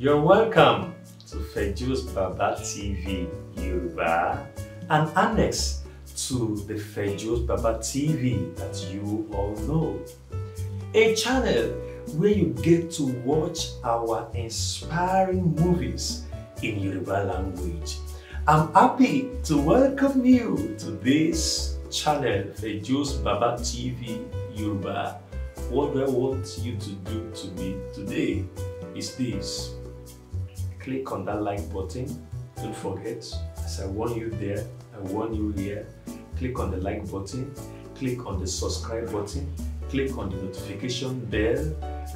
You're welcome to Fejus Baba TV Yoruba, an annex to the Fejus Baba TV that you all know. A channel where you get to watch our inspiring movies in Yoruba language. I'm happy to welcome you to this channel, Fejus Baba TV Yoruba. What do I want you to do to me today is this click on that like button. Don't forget, as I warn you there, I warn you here, click on the like button, click on the subscribe button, click on the notification bell,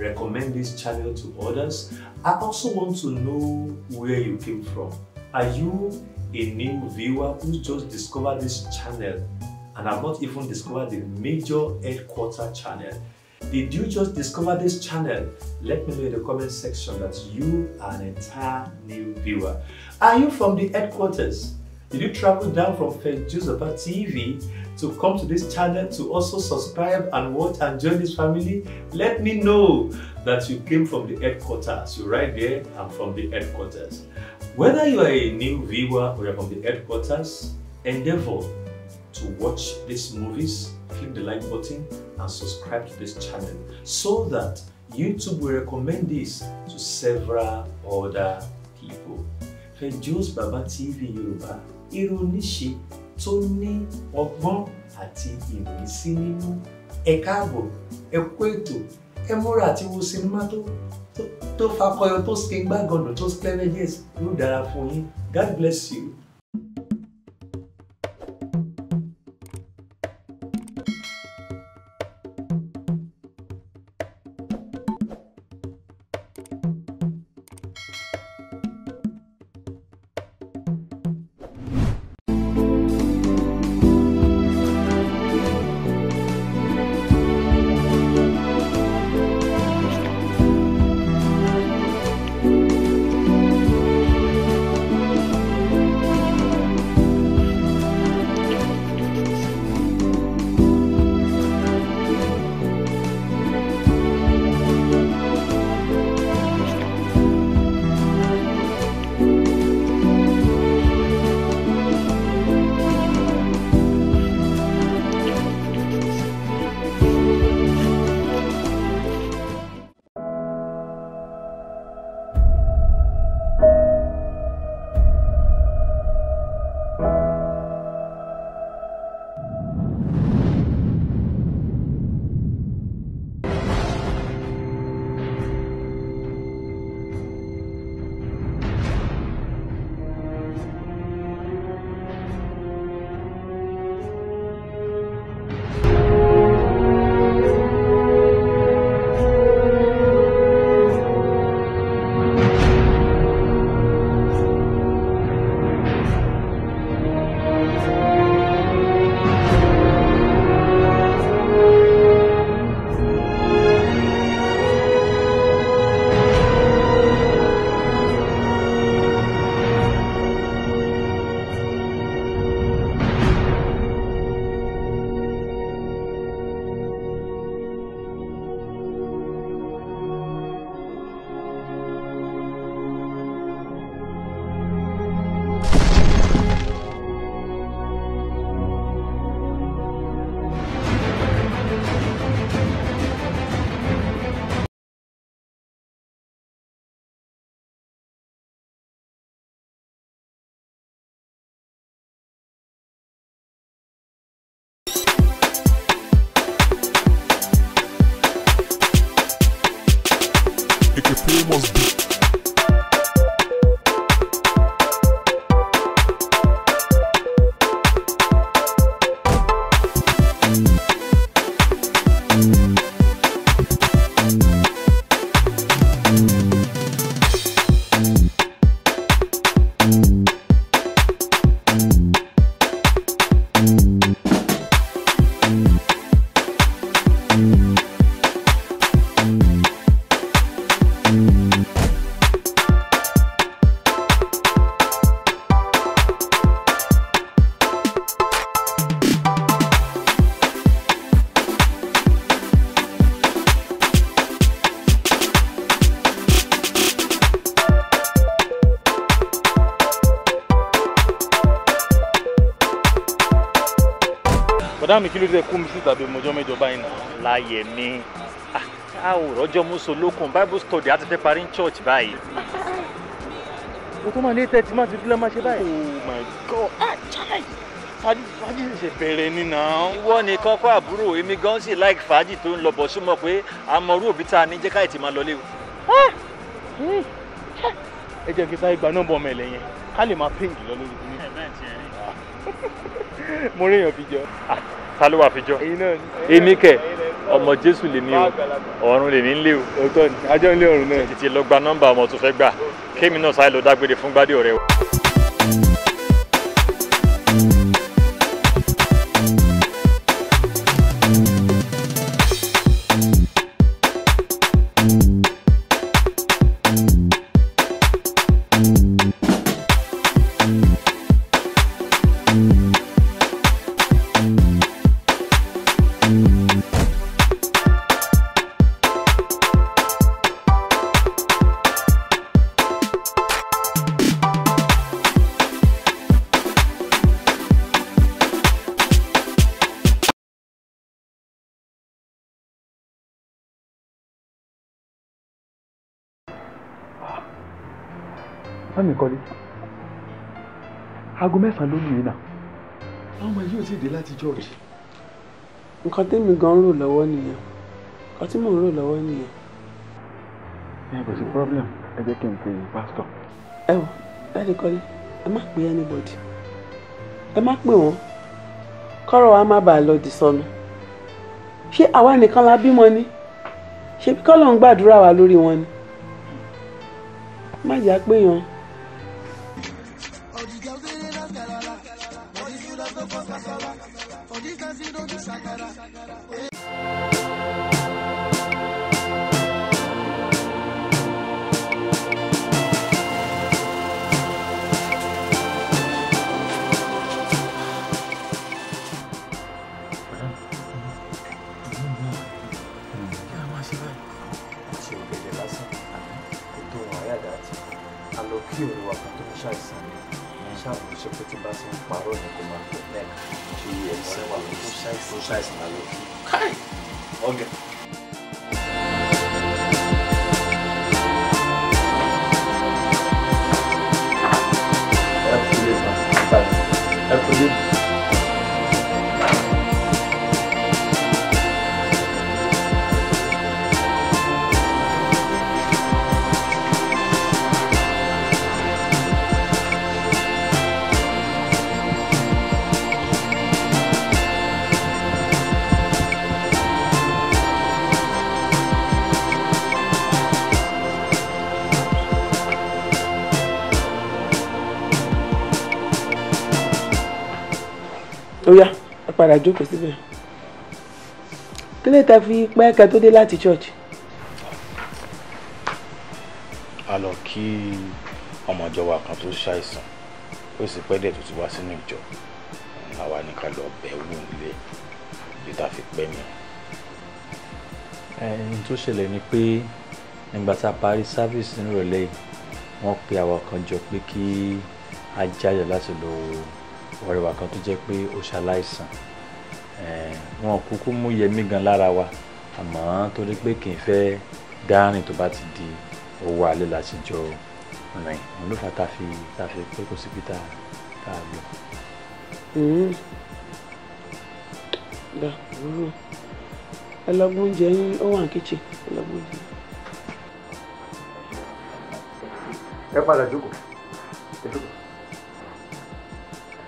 recommend this channel to others. I also want to know where you came from. Are you a new viewer who just discovered this channel and have not even discovered the major headquarter channel? Did you just discover this channel? Let me know in the comment section that you are an entire new viewer. Are you from the headquarters? Did you travel down from Joseph TV to come to this channel to also subscribe and watch and join this family? Let me know that you came from the headquarters. You're right there, I'm from the headquarters. Whether you are a new viewer or you're from the headquarters, endeavor to watch these movies, click the like button, and subscribe to this channel so that YouTube will recommend this to several other people. Fejosbaba Baba TV Yorùbá, ìròyìn ṣe tó ní ọgbọ́n àti ìròyìn sí nínú ẹ káàbọ̀ ẹ kó ètò ẹ múra àti wo sinimá tó tó fakọyọ tó ṣe gbàgànà tó ṣe clever yes yóò dára fún yín God bless you. madame kí ló dé kú mi síta bí mojọ́ mẹ́jọ báyìí nà. láyé mi ah, a ò rọ́jọ́ mọ́sọ lókun bible study a ti fẹ́ parí ní church báyìí. o tó máa ní tẹ́tí máa ti dúró máa ṣe báyìí. oh my god ah chai fàájì ṣe bẹ̀rẹ̀ ni náà. ìwọ nìkan kọ́ àbúrò èmi gan sì like fàájì tó ń lọ bọ̀ súnmọ́ pé àmọ́rú òbí tá a ní jẹ́ ká ìtì máa lọlé o. Ah! Hmm. ẹ jẹ́ kí sáyé gba nọ́mbà ọmọ ẹ̀lẹ́ yẹn ká lè máa pínkì lọ lórí mi. mo rí èèyàn fi jọ ta ló wà fíjọ èmi kẹ ọmọ jésù lèmi o ọ̀run lèmi ń lé o òótọ́ ni ajọ́ ń lé ọ̀run náà títí lọ gba nọ́mbà ọmọ tó fẹ́ gbà kémi náà sáré lọ dágbére fún gbádé ọ̀rẹ́ o. aago mẹ́sàn-án ló nìyí náà àwọn ọmọ yìí ò tí ì dé láti George. nǹkan tẹ́mi gan rò lọ́wọ́ nìyẹn nǹkan tí mò ń rò lọ́wọ́ nìyẹn. ẹ kò sí problem ẹ jẹ́ kí n pe pásítọ̀. ẹ wò láti kọ́lé ẹ má pe anybody ẹ má pè wọ́n kọ́rọ̀ wa má bàa lọ di sọnù ṣé àwa nìkan la bímọ ni ṣebí kọ́lọ̀ ń gbàdúrà wa lórí wọn ni má jà pé yan. padà jókòó síbẹ̀ kí lè tẹ fi pẹ́ kẹ́ tó dé láti church. a lọ kí ọmọ ìjọ kan tó ṣàìsàn ó sì pẹ́ dẹ̀ tó ti wá sínú ìjọ àwa ní ká lọ bẹ̀ wù nílé bí tá fi pẹ́ nìyẹn. ẹni tó ṣẹlẹ̀ ni pé nígbà tá a parí sáfíìsì nírọ̀lẹ́ yìí wọ́n pe àwa kan jọ pé kí a jáde láti lọ ọ̀rẹ́ kan tó jẹ́ pé ó ṣaláìsàn wọn kúkú mú yẹmí gan lára wa àmọ́ torí pé kì í fẹ́ dárìn tó bá ti di owó alẹ́ la jọ rìn òun ló fà tá fi tá fi pé kò síbi tá a lọ. Hmm. ẹ oúnjẹ yín ó wà ní kíchìn ẹ oúnjẹ. ẹ padà jókòó.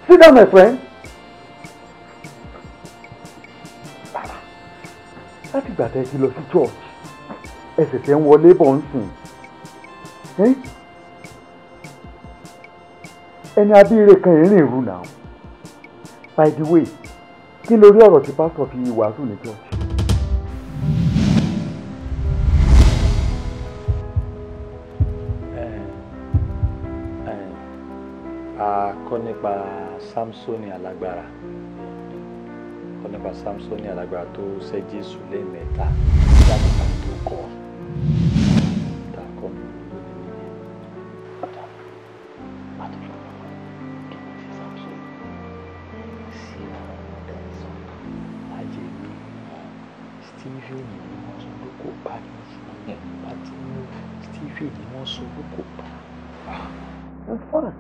Sit down, my friend. láti ìgbà tẹ́ ti lọ sí church ẹsẹ̀ tẹ́ ń wọlé bọ̀ ń sìn ẹni abíire kan ìrìn ìrù náà by the way kí lórí ọ̀rọ̀ tí pásítọ̀ fi wàásù ní church. a kọ́ nípa Samsoni alágbára. Mm nípa Samsoni alágbára tó ṣẹ́ Jésù lẹ́ẹ̀mẹ́ta láti bá tó kọ́ tá a kọ́ mi. Stephen ni wọ́n sọ pé kò bá ní pàtó Stephen ni wọ́n sọ pé kò bá. ẹ fọ́nà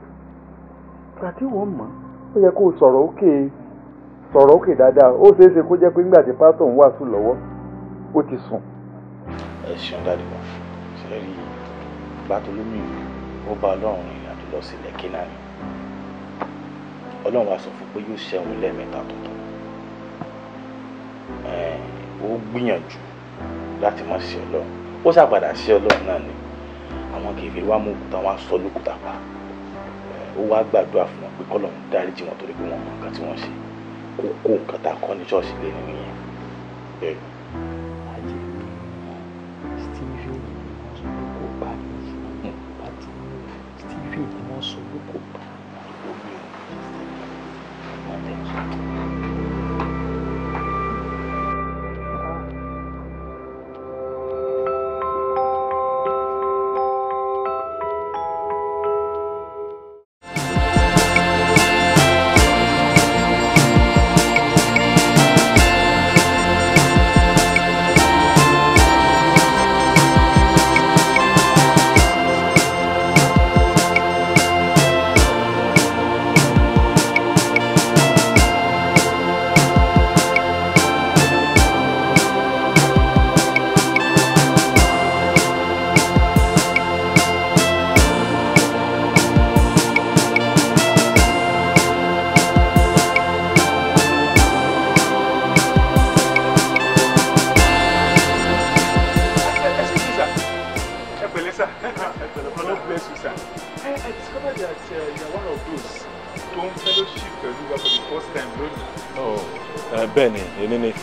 ìgbà tí wọ́n mọ̀ ó yẹ kó o sọ̀rọ̀ òkè. Okay sọ̀rọ̀ òkè dáadáa ó ṣeé ṣe kó jẹ́ pé nígbà tí pásítọ̀ ń wàásù lọ́wọ́ ó ti sùn. ẹ ṣeun dáadé wa ṣe rí bàtólómì ó bá ọlọ́run rìn àjò lọ sílẹ̀ kínání ọlọ́run wa sọ fún pé yóò ṣẹ́wọ̀n lẹ́ẹ̀mẹ́ta tuntun ó gbìyànjú láti má ṣe ọlọ́run ó ṣàpàdà ṣe ọlọ́run náà ni àwọn kèfèrí wa mú òkúta wa sọ lókùtà pa ó wá gbàdúrà fún wọn pé kọ́lọ́run dáríjì wọn torí pé wọ́n mọ nǹkan tí wọ́n ṣe kókó nǹkan tá a kọ́ ní ṣọ́ọ̀ṣì lé nínú yẹn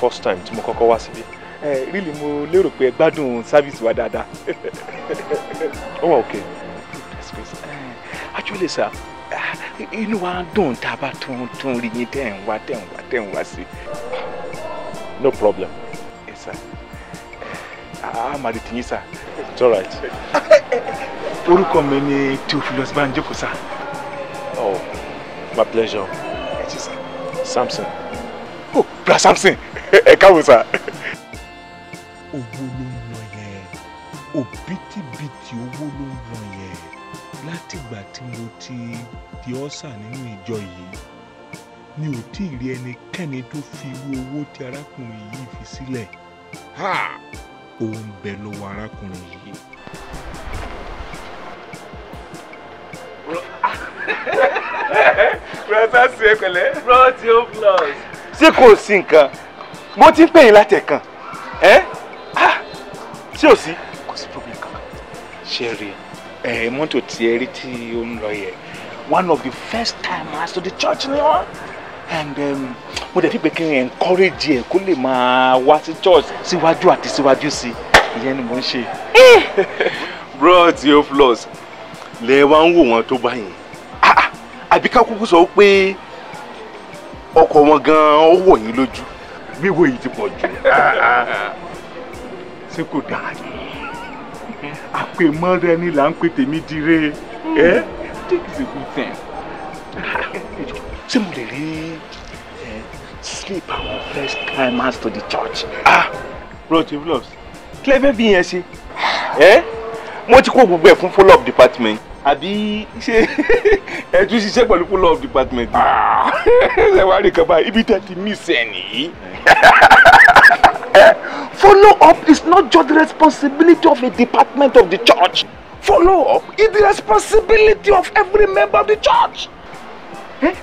first time tí mo kọ́kọ́ wá síbí really mo lérò pé ẹ gbádùn service wa dáadáa. ó wà òkè. actually sir inú wa dùn tá a bá tún tún rí yín tẹ̀ ń wá tẹ̀ ń wá tẹ̀ ń wá sí. no problem. yes sir. a máa retí yín sir. it's alright. orúkọ mi ni Theophilus Banjoko sir. oh my pleasure. ẹ Samson. oh bra Samson. O sá. é, o ń lọ o òbítíbitì é. ló ń lọ yẹn látìgbà tí mo ti di ọ́sà nínú o yìí mi ò tí ì rí ẹnikẹ́ni tó fi irú owó tí arákùnrin yìí fi sílẹ̀ owó ń bẹ lọ́wọ́ arákùnrin yìí. brother sí ẹ pẹ̀lẹ́. bro ti o plus. ṣé kò sí nǹkan mo ti ń pè yín láti ẹ̀kan ẹ́ tí ò sí kò sí problem kankan ṣe rí ẹ mọ́tò tí ẹ rí tí ó ń lọ yẹ one of the first timers to the church ni wọ́n and um, mo dẹ̀ fi pé kí n encourage ẹ kó lè máa wá sí church síwájú àti síwájú sí ìyẹn ni mo ń ṣe. Eh! bro ti o plus lẹ wá ń wò wọn tó báyìí ah, ah, àbí ká kúkú sọ pé ọkọ̀ wọn gan-an ó wọ̀ yín lójú wíwo yìí ti pọ̀ jù ṣé kò dáa ni àpèmọ́ra ẹni là ń pè tèmi dire ẹ́ hmm. eh? take the good thing. ṣé mo lè rí eh, sleep àwọn first timers to the church. ah roger vlogs kí lẹ fẹ́ fi yẹn ṣe ẹ́ eh? mo ti kó gbogbo ẹ̀ fún follow up department àbí ṣe ẹ tún ṣiṣẹ́ pẹ̀lú follow up department. Ah, ṣe wá rí kan báyìí ibi tẹ́ ti mí sẹ́ni yìí Follow up is not just the responsibility of a department of the church. Follow up is the responsibility of every member of the church.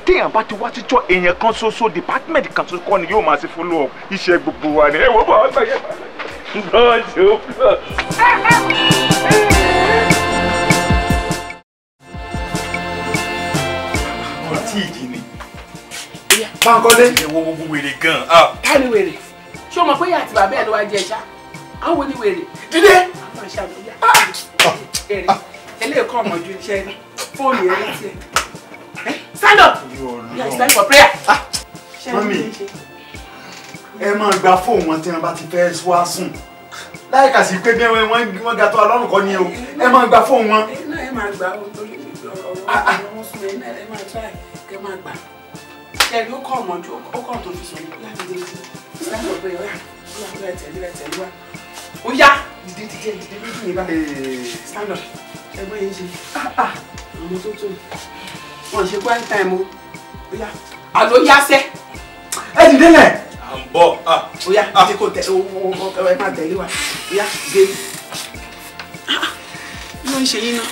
téèyàn bá ti wá sí jọ èèyàn kan ṣoṣo department kan ṣoṣo kọ́ ni yóò máa ṣe follow up iṣẹ́ gbogbo wa ni ẹ wọ́n bá wọn sọ yẹn. blood o blood. kò tí ì Bankole. Ewo gbogbo wèrè gan. Ká ah. ni wèrè? Ṣé o mọ̀ pé ìyá àti bàbá ẹ̀ ló wá jẹ ẹja? Àwọn wo ni wèrè? Dídé. eléyìí kọ́ ọmọ iṣẹ́ fóònù ẹ̀ ń tiẹ̀. Stand up! You are standing for prayer. Ah! Mọ́mí, ẹ máa gba fóònù wọn tí wọ́n bá ti fẹ́ wá sùn. Láìka sí pé bí wọ́n ga tó alọ́run kọ́ ni o, ẹ máa gba fóònù wọn. Ẹ náà ẹ máa gbà ó torí ah, ọ̀rọ̀ wọn sùn ẹ náà ẹ máa try kẹ máa gbà ṣẹ̀rí ó kàn mọ́jú ó kàn tó fi sùn láti dé sí láti ọ̀gbẹ́ ọ̀yà ó yà tẹ̀lé rẹ̀ tẹ̀lé wa ó yá dìde dìde dìde lójú mi báyìí stand up ẹgbẹ́ yìí ṣe ah, ah. àwọn tó tó wọn ṣe one time o ó yá àló yá sẹ́. ẹ dìde lẹ̀. à ń bọ̀ à. Ah. ó yá dìde kò tẹ ẹ máa tẹ̀lé wa ó yá dé. ló ń ṣe yín náà.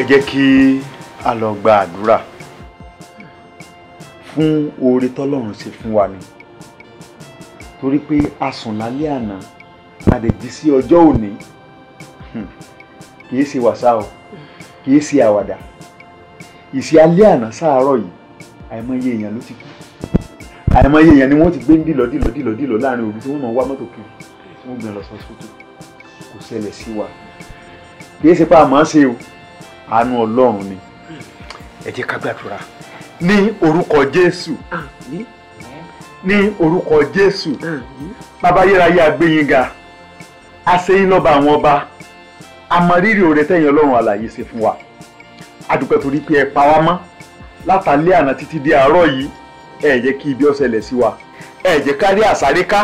ẹ jẹ́ kí a lọ gba àdúrà fún oore tọ́lọ́run ṣe fún wa ni torí pé a sùn lálẹ́ àná a lè jí sí ọjọ́ òní hmm. kì í ṣe wàsá o kì í ṣe àwàdà ìṣe alẹ́ àná sáàárọ̀ yìí àìmọye èèyàn ló ti kú àìmọye èèyàn ni wọ́n ti gbé ń dìlọ dìlọ dìlọ dìlọ láàrin òru tí wọ́n náà wá mọ́tò kiri tí wọ́n gbìn lọ sọ́sọ́tò kò ṣẹlẹ̀ sí wa kì í ṣe pa àmọ́ ṣe o àánú ọlọ́run ni ẹ jẹ́ ká gbàdúrà ní orúkọ jésù ní orúkọ jésù Babayérayé yérayé agbẹ́yìnga àṣeyín àwọn ọba àmọ̀rírì òrè tẹ̀yìn ọlọ́run àlàyé ṣe fún wa àdúpẹ́ torí pé ẹ pa wá mọ́ látàlẹ́ àná títí di àárọ̀ yìí ẹ jẹ́ kí ibi ó ṣẹlẹ̀ sí wa ẹ jẹ́ ká rí àsáríká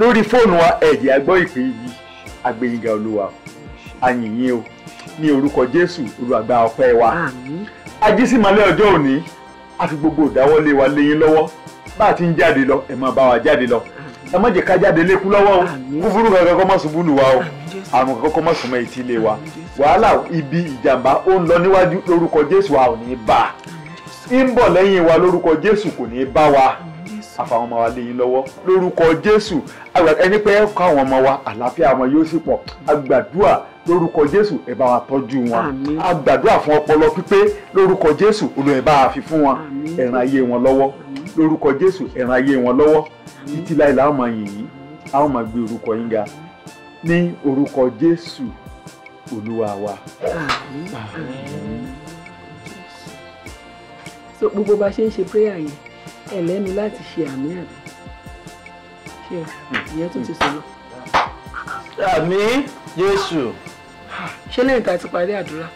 lórí fóònù wa ẹ jẹ́ a ìpè yìí agbẹ́yìnga olúwa a o. ní orúkọ jésù olùgbà ọpẹ́ wa ajísímọ́lẹ̀ ọjọ́ òní a fi gbogbo ìdáwọ́lé wa léyìn lọ́wọ́ bá a ti ń jáde lọ ẹ máa bá wa jáde lọ ẹ má jẹ́ ká jáde lékú lọ́wọ́ o kúfúrú kankan kọ́ mọ́ ṣubú lù wá o àrùn kankan kọ́ mọ́ sùnmọ́ ètí ilé wa wàhálà ibi ìjàmbá ó ń lọ níwájú lórúkọ jésù a ò ní bá a ń bọ̀ lẹ́yìn wa lórúkọ jésù kò ní bá wa. Amen àfàwọn ọmọ wa lé yín lọ́wọ́ lórúkọ Jésù ẹni pé ẹ kọ́ àwọn ọmọ wa àlàáfíà wọn yóò sì pọ̀ àgbàdua lórúkọ jésù ẹ bá wa tọ́jú wọn a gbàdúrà fún ọpọlọ pípé lórúkọ jésù olú ẹ bá a fi fún wọn ẹ ràn ayé wọn lọ́wọ́ lórúkọ jésù ẹ ràn ayé wọn lọ́wọ́ títí láì láwọn máa yìn yín a ó máa gbé orúkọ yín ga ní orúkọ jésù olúwa wa. so gbogbo bá ṣe ń ṣe prayer yìí ẹ lẹ́nu láti ṣe àmì àbí ṣe ìyẹn tó ti sọ̀rọ̀. àmì Jésù. ṣé lẹ́yìn tá a ti parí àdúrà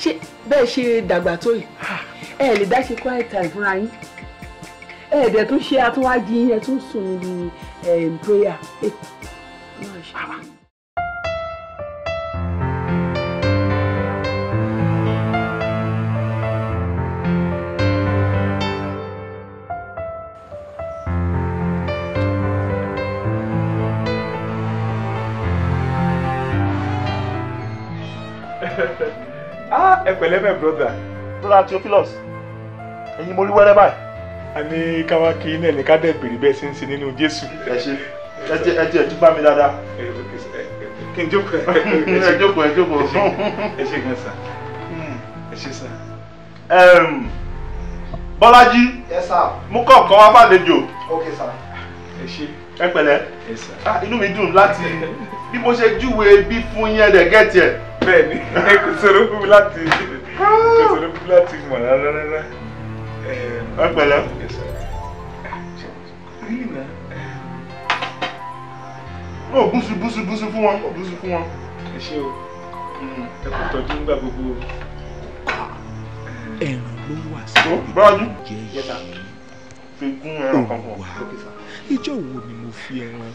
ṣé bẹ́ẹ̀ ṣe dàgbà tó yìí ẹ lè dá ṣe quiet time fúnra yín ẹ ẹ̀dẹ̀ tún ṣe àtúnwájú yín ẹ tún sùn ní eh, prayer. Eh, ah ẹ pẹ̀lẹ́ mẹ́ broda. broda Theophilus ẹ̀yin mo rí wẹ́rẹ́ báyìí. a ní káwá kí iná ẹni ká dẹ̀ bèrè bẹ́ẹ̀ ṣe ń ṣe nínú Jésù. ẹ ṣe ẹ ti ẹ ti ẹ tún bá mi dáadáa. kí n jókòó ẹ jókòó ẹ jókòó. ẹ ṣe gan sa ẹ ṣe sa. Hmm, Bọ́lájí mú kọ̀ọ̀kan wá fàlejò. okay sir. ẹ ṣe ẹ pẹ̀lẹ́ ah, inú mi dùn láti bí mo ṣe júwe bí fún yẹn dẹ̀ gẹ̀ẹ́tì ẹ̀ bẹ́ẹ̀ ni kò sọ̀rọ̀ fún mi láti kò sọ̀rọ̀ fún mi láti mọ̀ rárá rárá ọ̀pẹ̀lẹ̀. ó búṣu búṣu búṣu fún wọn ó búṣu fún wọn. ẹ ṣé o hmm, ẹ kò tọ́jú nígbà gbogbo. ẹ̀ràn ló wà sí ìjẹ́ yìí òwà ìjọ wo ni mo fi ẹran.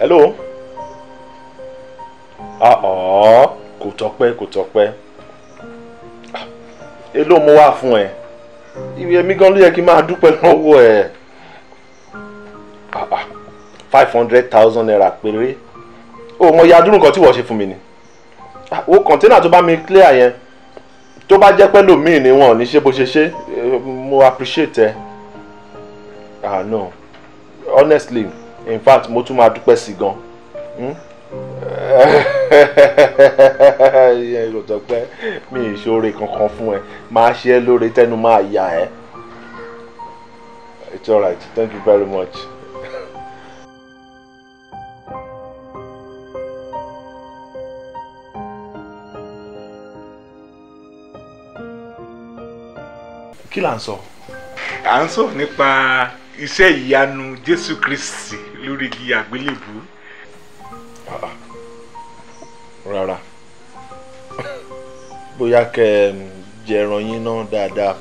hello ah kò tọ́pẹ́ kò tọ́pẹ́ èló mo wà fún ẹ èmi gan ló yẹ kí n máa dúpẹ́ lọ́wọ́ ẹ ah, ah, five hundred thousand naira péré o mọ iye adúrú nǹkan tí wọ́n ṣe fún mi ni ah, o kọ̀ńténà tó bá mi clear yẹn tó bá jẹ́ pẹ́ lòmíì ni wọn ò ní ṣe bó ṣe ṣe eh, mo appreciate ẹ ah no honestly in fact mo tún máa dúpẹ́ sí gan hmm? kò tọ́ pé mi ì ṣoore kankan fún ẹ máa ṣe é lóore tẹnu máa yà ẹ it's alright thank you very much. kí là ń sọ. à ń sọ nípa iṣẹ́ ìyanu Jésù Kristi lórí igi àgbélébù. Ah, rárá bóyá kẹ um, ẹ jẹran yín náà dáadáa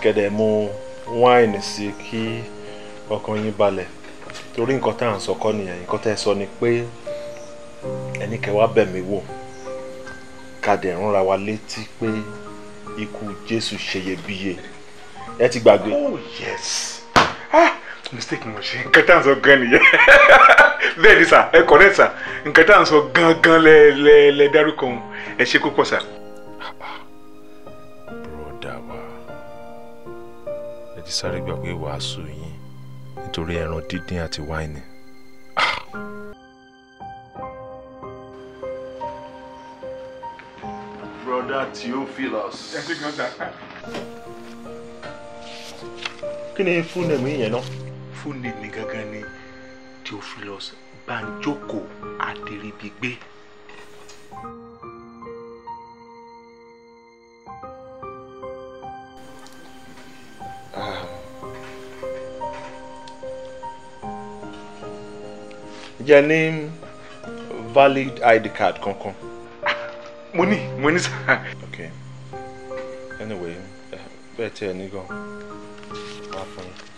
kẹdẹ mu wáìnì sí kí ọkàn yín balẹ̀ torí nǹkan tá à ń sọ kọ́ nìyẹn nǹkan tá ẹ sọ ni pé ẹni kẹwàá bẹ̀ mí wò ká dẹ̀ wa létí pé ikú Jésù ṣeyebíye ẹ ti gbàgbé. oh yes mistake mo ṣe nǹkan tá à ń sọ gan nìyẹn bẹ́ẹ̀ ni sà ẹ correct sà nǹkan tá à ń sọ gangan lẹ lẹ lẹ dárúkọ òun ẹ ṣe púpọ̀ sà. bùrọ̀dà wa ẹ ti sáré gbàgbé wàásù yín nítorí ẹran dídín àti wáìnì. brother Theophilus. kí ni fún ẹ̀mí yẹn náà fóònù mi gangan ni Theophilus Banjoko Adèrìbígbé. Your ah. name valid ID card kankan. Mo ní mo ní sá. Okay anyway eh, bẹ́ẹ̀ tí ẹ ní gan fún yín.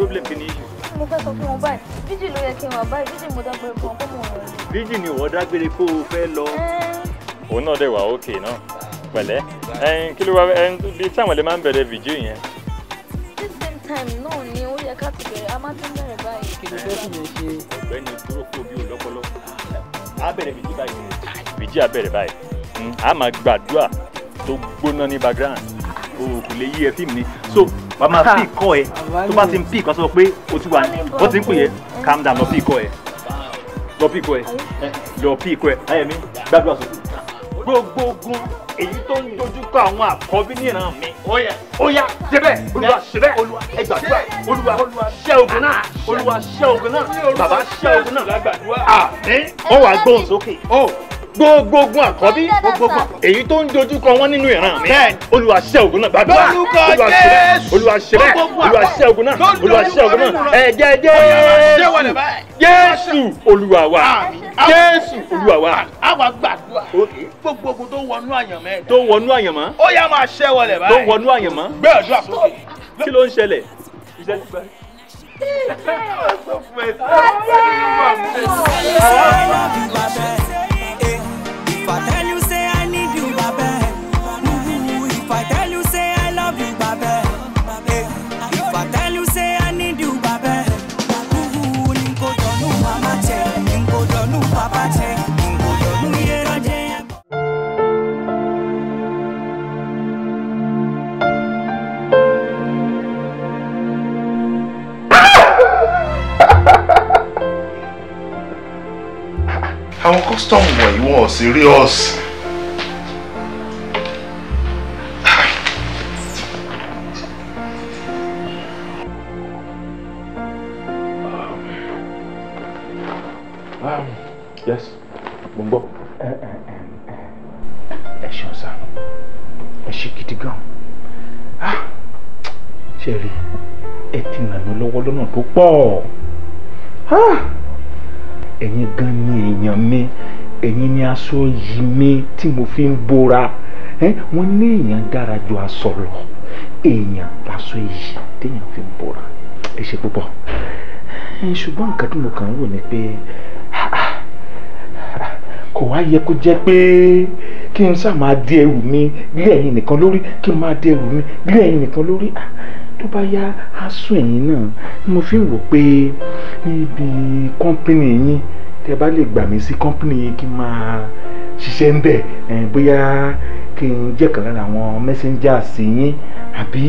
problem kí ni issue. mo fẹ́ sọ fún wọn báyìí bíjì ló yẹ kí n wà báyìí bíjì mo dágbére fún kó mọ̀ ọ́n. bíjì ni ìwọ dágbére kó o fẹ́ lọ. Eh. òun náà dẹ̀ wà òkè náà pẹ̀lẹ́ kí ló wá bí táwọn ẹlẹ́ máa ń bẹ̀rẹ̀ fídíò yẹn. this same time náà ni ó yẹ ká ti bẹ̀rẹ̀ a máa tún bẹ̀rẹ̀ báyìí. kí ló fẹ́ fi yẹn ṣe. ọ̀gbẹ́ni dúró kó bí olọ́pọlọ á bẹ̀rẹ̀ fídíò báyìí. fídíò á bẹ̀rẹ̀ báyìí hmm, a máa gbàdúrà tó gbóná background òkú lè yí ẹ wà á máa fi ìkọ́ ẹ tó bá ti ń pìkọ́ sọ pé o ti wà ó ti ń pè é calm down lọ fi ìkọ́ ẹ lọ fi ìkọ́ ẹ lọ fi ìkọ́ ẹ ayẹmí gbàdúrà sókè. gbogbo ogun èyí tó ń dojúkọ àwọn àkọ́bí níran mi ó yá débẹ̀ olúwa ṣẹbẹ̀ olúwa ẹ gbàdúrà olúwa ṣẹ́ ogun náà olúwa ṣẹ́ ogun náà bàbá ṣẹ́ ogun náà àmín ó wàá gbóhùn sókè gbogbogun àkọ́bí gbogbogun èyí tó ń dojúkọ wọn nínú ìran mi olúwa ṣẹ́ náà gbàdúrà olúwa ṣe bẹ́ẹ̀ olúwa náà olúwa ṣẹ́ náà ẹ̀jẹ̀ jésù jésù olúwa jésù olúwa àwa gbàdúrà gbogbogun tó wọnú àyànmọ́ tó wọnú àyànmọ́ ó yá máa ṣẹ́ wọlé báyìí tó wọnú àyànmọ́ gbàdúrà sókè kí ló ń ṣẹlẹ̀ ìṣẹ́lẹ̀ Thank you. custom wọ̀nyí you ò serious. Um, yes, mo ń gbọ́. Ẹ ṣeun sá, ẹ ṣe gidi gan. Ah, ṣé rí ẹ ti ràn mí lọ́wọ́ lọ́nà tó èèyàn mi ẹ̀yin ni aṣọ yìí mi tí mo fi ń bora wọ́n ní èèyàn dára ju aṣọ lọ èèyàn aṣọ yìí téèyàn fi ń bora ẹ ṣe púpọ̀ ṣùgbọ́n nǹkan tí mo kàn ń wò ni pé kò wá yẹ kó jẹ́ pé kí n sá máa di ẹrù mi lé ẹ̀yin nìkan lórí kí n máa di ẹrù mi lé ẹ̀yin nìkan lórí tó bá yá á sún ẹ̀yin náà mo fi ń wò pé níbi kọ́ńpínì yín tẹ bá lè gbà mí sí kọ́ńpìnì kí n máa ṣiṣẹ́ ń bẹ̀ bóyá kí n jẹ́ kan lára àwọn mẹ́sẹ́ńjà sí yín àbí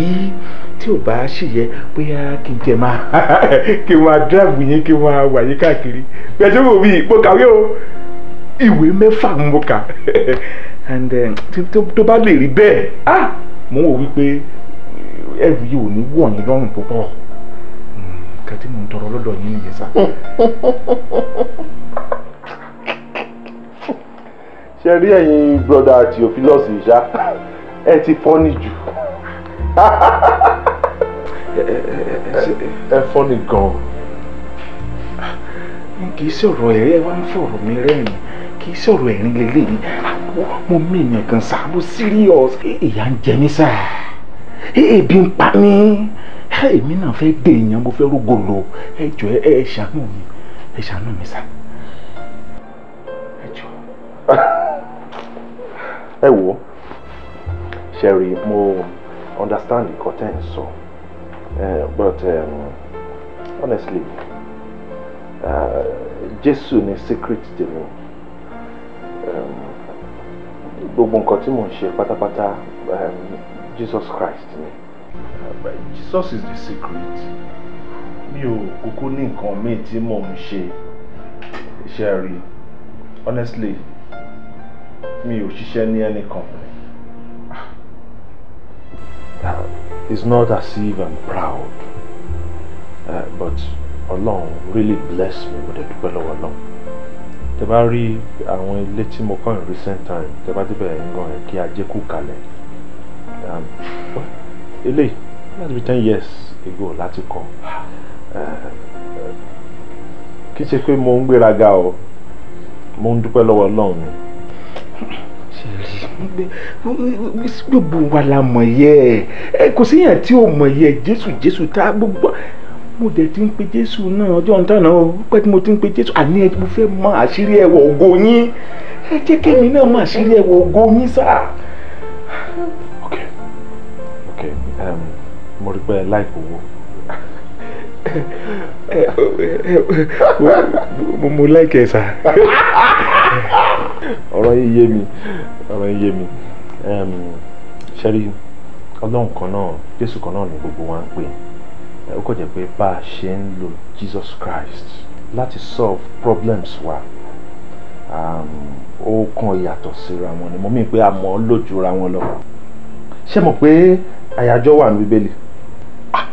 tí ò bá ṣì yẹ bóyá kí n jẹ máa kí n máa dráàbù yín kí n máa wà yín káàkiri bẹ́ẹ̀ ṣé mo bí mo kàwé o ìwé mẹ́fà mo kà and tó bá lè rí bẹ́ẹ̀ ah mo wò wípé ẹrù yìí ò ní wọ̀ yín lọ́rùn púpọ̀ hmm, nǹkan tí mo ń tọrọ lọ́dọ̀ yín nìyẹn sá. ṣe rí ẹ̀yin broda àti òfìlọ́sì ìṣá ẹ ti fọ́nì jù ẹ fọ́nì gan-an. kì í sọ̀rọ̀ ẹ̀rẹ́ wá ń fọ̀rọ̀ mi rẹ́rìn kì í sọ̀rọ̀ ẹ̀rín lélẹ́yìn mo mìíràn kan sáà mo serious ìyà ń jẹ mí sáà ebi ń pa mí èmi náà fẹ́ dèèyàn mo fẹ́ rógòlò ẹ jọ̀ọ́ ẹ ṣàánú mi ẹ ṣàánú mi sáà. ẹ wò Sherry mo understand the content, so. sọ but um, honestly uh, Jésù ni secret tèmi um, gbogbo nǹkan tí mò ń ṣe pátápátá um, Jesus Christ ni. Uh, Jesus is the secret mi ò kúkú ní nǹkan míì tí mò ń ṣe ṣe honestly mi ò ṣiṣẹ́ ní any company. Ah. Now, it's not as if I'm proud, uh, but Ọlọ́run really bless me with ẹ̀dúpẹ́ lọ́wọ́ náà. Tẹ bá rí àwọn ilé tí mo kọ́ in recent time, tẹ bá débẹ̀ nǹkan ẹ̀ kí ajé kú kalẹ̀. Um, eléyìí láti bí ten years ago láti kọ́. Eh, eh, kì í ṣe pé mo ń gbéraga o, mo ń dúpẹ́ lọ́wọ́ Ọlọ́run ni gbogbo wa la mọ̀ yẹ ẹ kò síyàn tí ò mọ̀ yẹ jésù jésù tá gbogbo mo dẹ̀ ti ń pe jésù náà ọjọ́ ń tànà ó pẹ́ tí mo ti ń pe jésù àní ẹ mo fẹ́ mọ àṣírí ẹ̀wọ̀ ògo yín ẹ jẹ́ kémi náà mọ àṣírí ẹ̀wọ̀ ògo yín sá. ok ok um, mo rí pé ẹ láìpẹ́ owó mo mo láìkẹ́ sá. ọ̀rọ̀ yìí yé mi ọ̀rọ̀ yìí yé mi ṣẹ́rí ọlọ́run kan náà jésù kan náà ni gbogbo wa ń pè ó kò jẹ́ pé bá a ṣe ń lo jesus christ láti solve problems wa um, ó kàn yàtọ̀ síra wọn ni mo mí pé a mọ̀ ọ́ lójúra wọn lọ ṣé mo pé àyájọ́ wà ní bíbélì ah,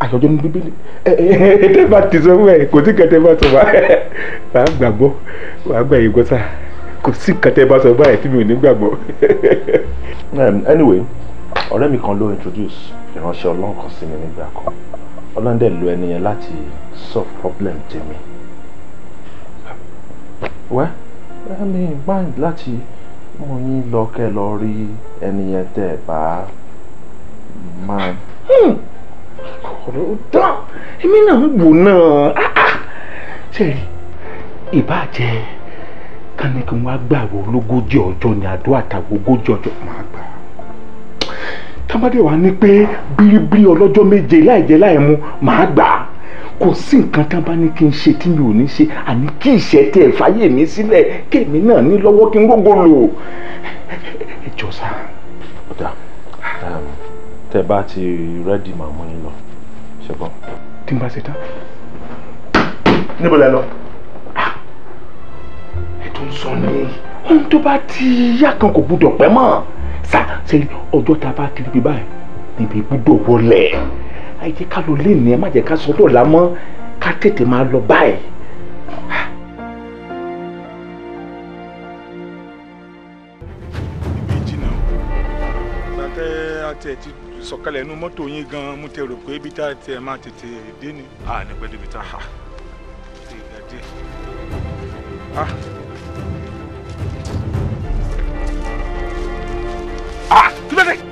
àyọjọ́ ní bíbélì ẹ̀ẹ́dẹ́gbà tìṣọ́ fún ẹ̀ kò sí kẹ́tẹ́ bá tó wà á gbàgbọ́ wà á gbà yìí gbọ́ sáà kò sí nǹkan tẹ́ bá sọ báyìí tí mi ò ní gbàgbọ́. Um, anyway ọ̀rẹ́ mi kan ló introduce ìránṣẹ́ ọlọ́run kan sí mi nígbà kan ọlọ́run dẹ̀ lo ẹni yẹn láti solve problem tèmi. wẹ́ ẹ̀mí mind láti mú yín lọ kẹ́ lọ rí ẹni yẹn tẹ́ ẹ bá máa. Hmm, ọ̀rọ̀ dán èmi náà ń wò náà ah, ah. ṣe ìbàjẹ́ ká ní kí wọ́n á gbàwé ológójì ọjọ́ ní àdó àtàwọ̀ ogójì ọjọ́ máa gbà tábàdé wa ní pé bíríbírí ọlọ́jọ́ méje láìjẹ láìmu máa gbà kò sí nǹkan tá a bá ní kí n ṣe tí mi ò ní ṣe àní kí ìṣẹ́ tí ẹ̀ fàyè mi sílẹ̀ kémi náà ní lọ́wọ́ kí n rógò lò ẹ jọ sá. ọ̀dà um, tẹ bá ti rẹ́dì màmú yín lọ ṣe bọ́. tí n bá ṣe tán níbo lẹ lọ tó ń sọ ni ohun tó bá ti yá kan kò gbúdọ̀ pẹ́ mọ́ sá ṣe ọjọ́ tá a bá kiri bí báyìí níbi gbúdọ̀ wọlé ẹ jẹ́ ká lọ lé ní ẹ má jẹ́ ká sọ lọ́la mọ́ ká tètè máa lọ báyìí. tẹ ti sọ̀kalẹ̀ nu mọ́tò yín gan mo tẹ rò pé ibi tá a tẹ máa tètè dé ni. a ní pẹ́ débi tá a ha. Ah. Look at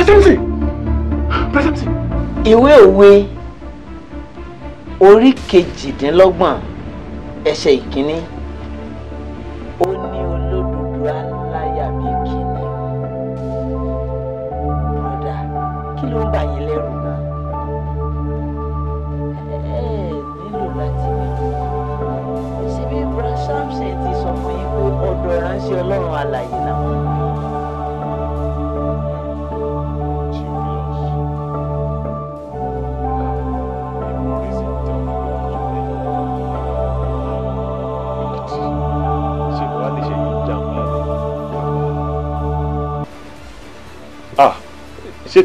pẹsẹmísì pẹsẹmísì. ìwé òwe orí kejìdínlọ́gbọ̀n ẹsẹ̀ ìkíní.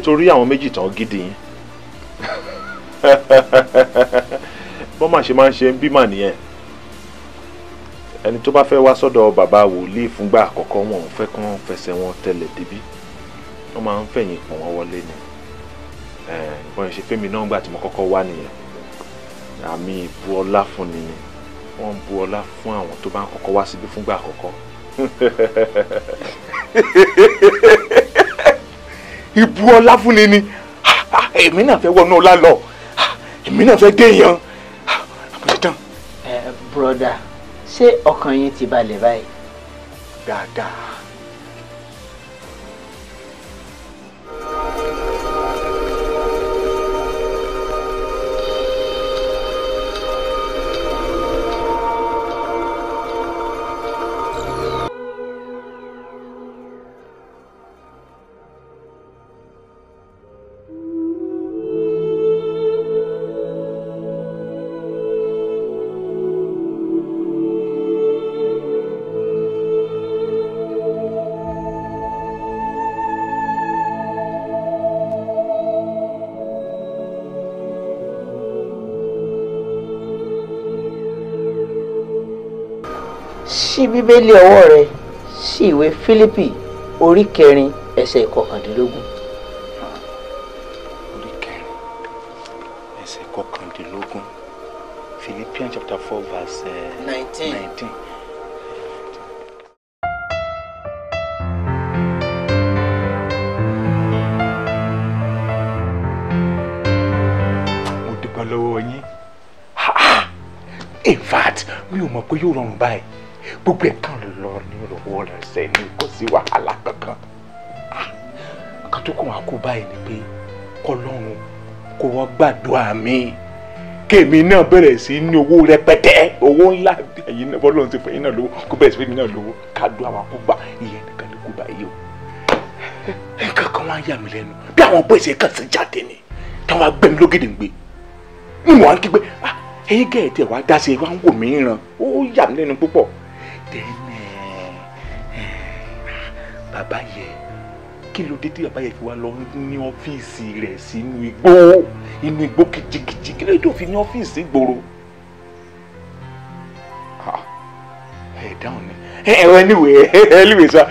torí àwọn méjì tán gidi yín bọ́n máa ṣe máa ń ṣe ń bímọ nìyẹn ẹni tó bá fẹ́ wá sọ́dọ̀ bàbá wòlíì fúngbà àkọ́kọ́ wọn ò fẹ́ kán fẹsẹ̀ wọn tẹ̀lẹ̀ débí wọ́n máa ń fẹ̀yìn pọ̀ wọ́n wọlé ni ìbọn ìṣe fẹ́mi náà gbà tí mo kọ́kọ́ wá nìyẹn àmì ìbu ọlá fún ni ni wọ́n ń bu ọlá fún àwọn tó bá ń kọ́kọ́ wá síbí fúngbà àkọ́kọ́. ibu ọlá fún ni ni èmi náà fẹ́ wọnú ọlá lọ èmi náà fẹ́ déèyàn àbúrò tán. ẹ broda ṣé ọkàn yín ti balẹ̀ báyìí. dáadáa bíbélì ọwọ́ rẹ sí ìwé Fílípì orí kẹrin ẹsẹ̀ ìkọkàndínlógún. orí kẹrin ẹsẹ̀ ìkọkàndínlógún Philippians chapter four verse eh, nineteen. mo dúpẹ́ lọ́wọ́ yín in fact mi ò mọ̀ pé yóò rọrùn báyìí gbogbo ẹ̀ kàn lọ ní ìrọ̀wọ́ rẹ̀ sẹ́ni kò sí wàhálà kankan ah, kan tó kàn wá kó báyìí ni pé kọlọ́run kó wọ́n gbàdúrà mi kèmi náà bẹ̀rẹ̀ sí ní owó rẹpẹtẹ owó ńlá ẹ̀yin náà bọ́lọ́run ti fún ẹ̀yin náà lówó kó bẹ̀rẹ̀ sí fún ẹ̀yin náà lówó kádùn àwọn akógbà ìyẹn nìkan ló kú báyìí o nǹkan kan wá ń yà mí lẹ́nu bí àwọn bọ́ọ̀sì kan ti jáde ni táwọn agbẹ́mi lógede ń gbé ni mò ń kí pé ẹ̀yin gẹ̀ẹ́dẹ̀ wá dá sí i wá ń wò mí ràn ó yà mí lẹ́nu púpọ̀ then eh, bàbá yẹ kí ló dé tí bàbá yẹ fi wá lọ ní ọ́fíìsì rẹ̀ sínú igbó inú igbó kìjikìji kí ló dé tó ní ọ́fíìsì gbòòrò ah, ẹ dáhùn ni eh, eh, anyway anyway sir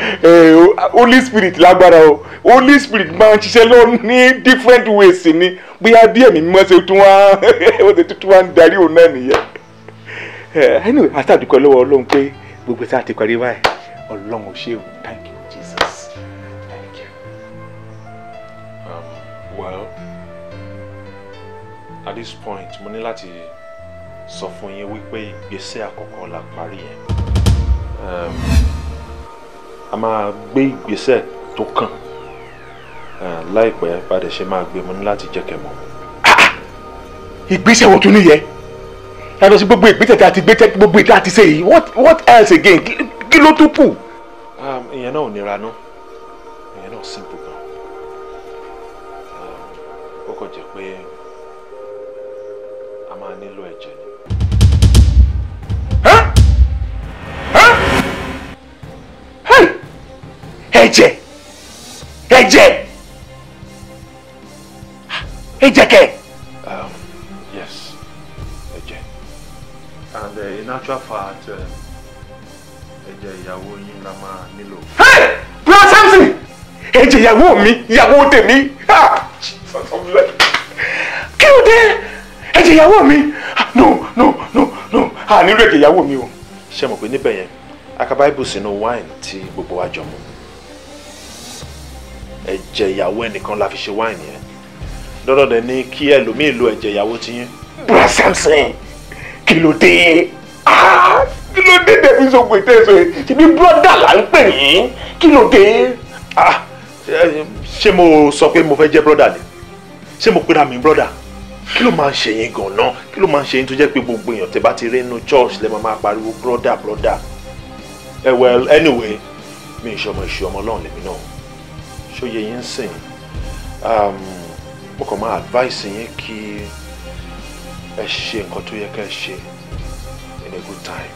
holy spirit lágbára o holy spirit máa ń ṣiṣẹ́ lọ ní different ways ni bóyá bí ẹ̀mí mímọ́ ṣe tún wá ó ṣe tún wá ń darí òun náà nìyẹn anyway àtàdúkọ lọ́wọ́ ọlọ́run pé gbogbo tí a ti parí báyìí ọlọ́run ṣe o thank you jesus thank you. Um, well at this point mo ní láti sọ fún yín wípé ìgbésẹ̀ àkọ́kọ́ la parí yẹn um, a máa gbé ìgbésẹ̀ tó kàn uh, láìpẹ́ bá a dẹ̀ ṣe máa gbé mo ní láti jẹ́ kẹ́ mọ̀. Ah, ìgbésẹ̀ wo tún nìyẹn yàtọ̀ sí gbogbo ìgbésẹ̀ tí a ti gbé tẹ́ gbogbo ìgbésẹ̀ àti ṣe yìí what what else again kí ló tún kù. Um, ìyẹn náà ò nira ná ìyẹn náà simple gan um, ó kàn jẹ́ pé a máa nílò ẹ̀jẹ̀ ni. ẹ̀jẹ̀ ẹ̀jẹ̀ ẹ̀jẹ̀ kẹ́ẹ̀. and uh, in actual fact ẹ̀jẹ̀ ìyàwó yín la máa nílò. bro samson ẹ̀jẹ̀ ìyàwó mi ìyàwó tèmi kí ló dé ẹ̀jẹ̀ ìyàwó mi no no no no a nílò ẹ̀jẹ̀ ìyàwó mi o. ṣé mo pé níbẹ̀ yẹn akaba ibu sínú wáìnì tí gbogbo wa jọ mu ẹ̀jẹ̀ ìyàwó ẹnìkan la fi ṣe wáìnì yẹn dọ́dọ̀ dẹ̀ ní kí ẹlòmíì lo ẹ̀jẹ̀ ìyàwó tiyín. bro samson kí ló dé ah, kí ló dé dẹ́bi sọ̀gbìn tẹ̀sọ̀ yìí ṣèbí bọ́dà là ń pè yín kí ló dé. Ah, ṣé mo sọ pé mo fẹ́ jẹ́ bọ́dà ni ṣé mo pera mi bọ́dà kí ló máa ń ṣe yín gan-an kí ló máa ń ṣe yín tó jẹ́ pé gbogbo èèyàn tẹ́ bá ti rí inú church lẹ́ máa máa pariwo bọ́dà bọ́dà ẹ well anyway mi ì ṣọmọ ìṣù ọmọ ọlọ́run lèmi náà ṣó yẹ yín sìn um, mo kàn máa advice yín kí. Ki ẹ ṣe nǹkan tó yẹ ká ẹ ṣe in a good time.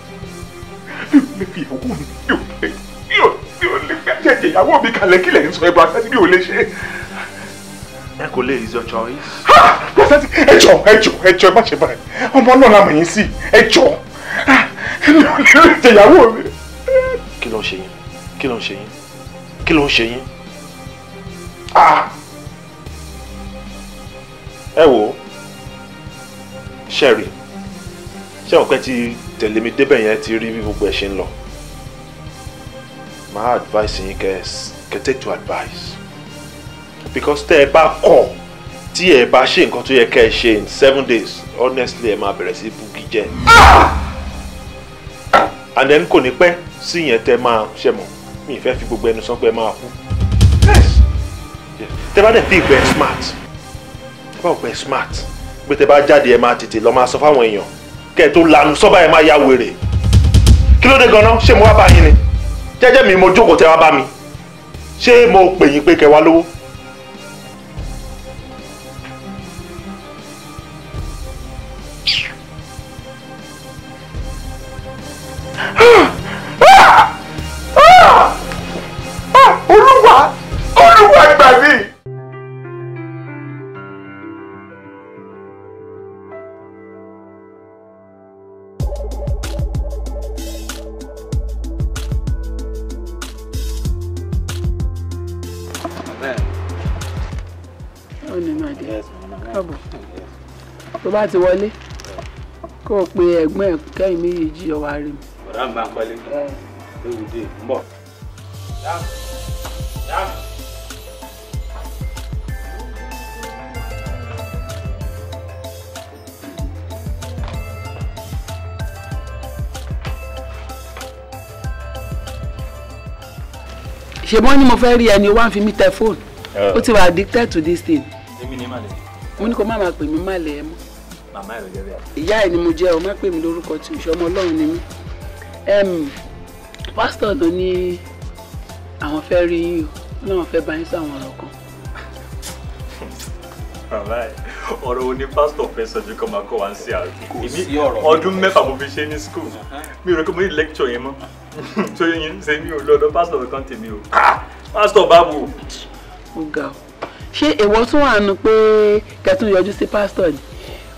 mi fi ìyàwó mi mi ò lè mi ò mi ò lè fẹ́ jẹ̀jẹ̀ ìyàwó mi kalẹ̀ kí lẹ́yìn sọ ẹ̀bùn àti mi ò lè ṣe. ẹ kò lè is your choice. ẹ jọ ẹ jọ ẹ jọ ẹ má ṣe báyìí ọmọ náà la mọ̀ yín sí ẹ jọ mi ò lè jẹ ìyàwó mi. kí ló ń ṣe yín kí ló ń ṣe yín kí ló ń ṣe yín. Ah! ẹ wò ó ṣẹ́ẹ̀rì ṣé òun pẹ́ ti tẹ̀lé mi débẹ̀ yẹn ti rí bí gbogbo ẹ̀ ṣe ń lọ máa advice yín kẹ́ kẹ́ take to advice because tẹ́ ẹ bá kọ̀ tí ẹ bá ṣe nǹkan tó yẹ kẹ́ ẹ ṣe in seven days honestly ẹ máa bẹ̀rẹ̀ sí búkí jẹ́ ah! and then kò ní pẹ́ sí yẹn tẹ́ máa ṣe mọ̀ mi ì fẹ́ fi gbogbo ẹnu sọ pé ẹ máa kú tẹ́ bá dẹ̀ fi ìgbẹ́ smart tẹ́ bá ìgbẹ́ smart pé tẹ bá jáde ẹ máa tètè lọ máa sọ fáwọn èèyàn kẹ tó lanu sọ́ba ẹ máa ya wèrè kí ló dé ganan ṣé mo wá bá yín ni jẹ́jẹ́ mi mo jókòó tẹ wá bá mi ṣé mo pè yín pé kẹ wá lówó bá ti wọlé kó o pe ẹ̀gbọ́n ẹ̀ kẹ́yìn méjèèjì ọ̀wá rẹ̀ mi. ọ̀rá mi máa ń pẹ́lẹ́ lórí dé ń bọ̀. dáàbò dáàbò. ṣe mọ́ ni mo fẹ́ rí ẹni wá ń fi mí tẹ fóònù ó ti wà addicted to this thing. èmi ni màlẹ́. mo ní kó má máa pè mí màlẹ́ ẹ mọ́ màmá ẹ̀ ló jẹ́ bẹ́ẹ̀. ìyá ẹ̀ ni mo jẹ́ o má pè mí lórúkọ tí mo ṣe ọmọ ọlọ́run ni mí pásítọ̀ ló ní àwọn fẹ́ rí yín o láwọn fẹ́ bá yín sáwọn ọ̀rọ̀ kan. bàbá ẹ ọ̀rọ̀ wo ni pásítọ̀ fẹ́ sọ́jú kọ́ máa kọ́ wá sí àrùn èmi ọdún mẹ́fà mo fi ṣe ní skul uh-huh. mi ò rẹ́ pé mo ní lẹ́kítọ̀ yẹn mọ́ tó yẹn ṣe mi ò lọ́dọ̀ pásítọ̀ kan tèmi o ah, pásítọ̀ báwo. ó ga ọ ṣé èèwọ̀ tún wà nù pé kẹtùn yọjú sí pásítọ̀ ni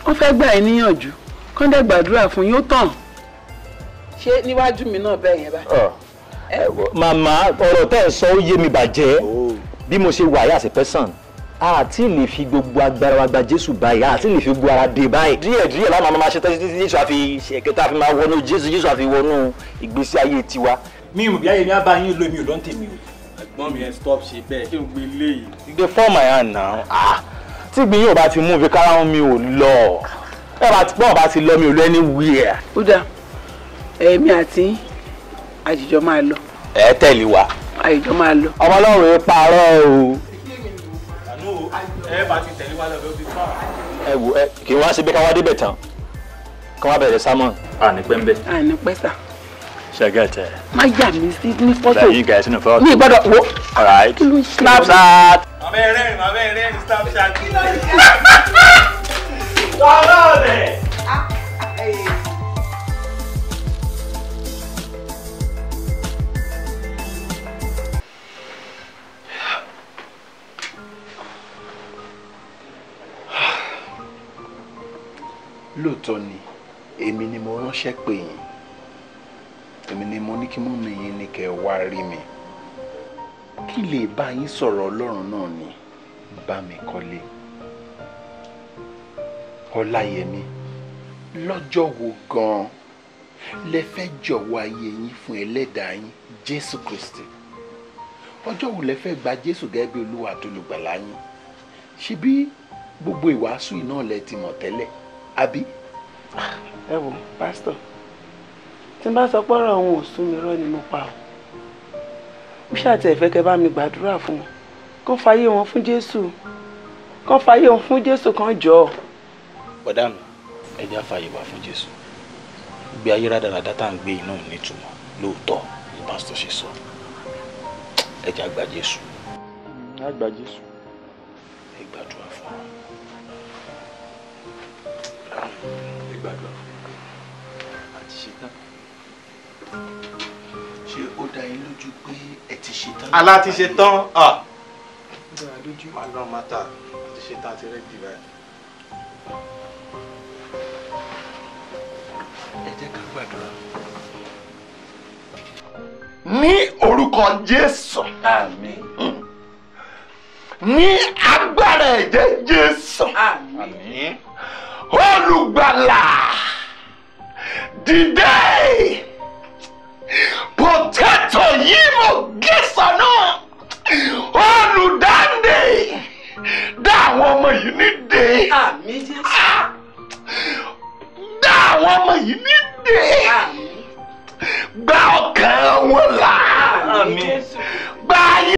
wọ́n fẹ́ gbà ẹ́ níyànjú kán dẹ̀ gbàdúrà fún yóò tàn. ṣé níwájú mi náà bẹ́ẹ̀ yẹn bá. Ah. Eh, màmá ọ̀rọ̀ tẹ́ ẹ sọ ó yé mi bàjẹ́ oh. bí mo ṣe wà yà sí pẹ́sàn àti lè fi gbogbo agbára wa gba jésù báyìí àti lè fi gbogbo ara dé báyìí díẹ̀ díẹ̀ láwọn máa ṣe tẹ́sí títí jésù àfi ṣèkẹta àfi máa wọnú jésù jésù àfi wọnú ìgbésí ayé tiwa. mi ò bí ayé mi á bá yín lo mi ò lọ́n tèmi o. ẹ̀gbọ́n mi ẹ stop ṣe bẹ́ẹ̀ kí n gbé léyìí. you dey fall my hand now. Ah tí gbìn yóò bá ti mú ibi káráhùn mi ò lọ bọ́ọ̀ bá ti lọ mi ò lọ anywhere. ó dáa èmi àti àjìjọ máa lọ. ẹ tẹ̀lé wa. àjìjọ máa lọ. ọmọ ọlọ́run yìí parọ́ o. ẹ bá ti tẹ̀lé wa lọ bí ó ti fà. ẹ wò ẹ kì í wá síbi káwá débẹ̀ tán káwá bẹ̀rẹ̀ sámọ̀. ànípẹ́ ń bẹ̀. ànípẹ́ sà ṣẹgẹtẹ. má yà mí sí ní fọ́tò ṣàyìn gàí sínú fọ́tò mi gbọ́dọ̀ wo. alright snapchat. màmá ẹrẹ́rìn màmá ẹrẹ́rìn snapchat. wàhálà ọ̀dẹ̀. lóòótọ́ ni èmi ni mo ránṣẹ́ pè yín èmi ni mo ní kí mú mi yín ní kẹ́ ẹ wá rí mi kí lè bá yín sọ̀rọ̀ ọlọ́run náà ni bá mi kọ́lé ọláyẹmí lọ́jọ́ wo gan-an lẹ fẹ́ jọ̀wọ́ ayé yín fún ẹlẹ́dàá yín jésù kristi ọjọ́ wo lẹ fẹ́ gba jésù gẹ́gẹ́ bí olúwa àtolùgbàlà yín ṣebí gbogbo ìwàásù yìí lẹ ti mọ̀ tẹ́lẹ̀ àbí. Ah, ẹ wo pásítọ̀ tí n bá sọ pé ọ̀rọ̀ òun ò sún mi rọ́ ni mo pa ọ́ ó ṣàtì ẹ̀fẹ́ kẹ́ bá mi gbàdúrà fún wọn kán fàyè wọn fún Jésù kán fàyè wọn fún Jésù kán jọ ọ. bọ̀dá mi ẹja fàyè wà fún Jésù gbé ayé rádaràdá tá à ń gbé iná nítumọ̀ lóòótọ́ ni pásítọ̀ ṣe sọ ẹja gba Jésù. a gba Jésù. ẹ gbàdúrà fún wọn. ẹ gbàdúrà fún wọn àti ṣe tán ṣé ó dá yín lójú pé ẹ ti ṣetán. alá ti ṣetán madam mata ti ṣetán ti rẹ́dì báyìí. ẹ jẹ́ ká gbàdúrà. ní orúkọ jésù. àmín. Hmm. ní agbára ẹ̀jẹ̀ jésù. àmín. olùgbàlà dìde. Potato yìí gẹ̀sà náà olùdáǹdè dá àwọn ọmọ yìí ní dé. Àmín Jésù. Dá àwọn ọmọ yìí ní dé. Àmín. Gba ọkàn wọn là. Àmín Jésù.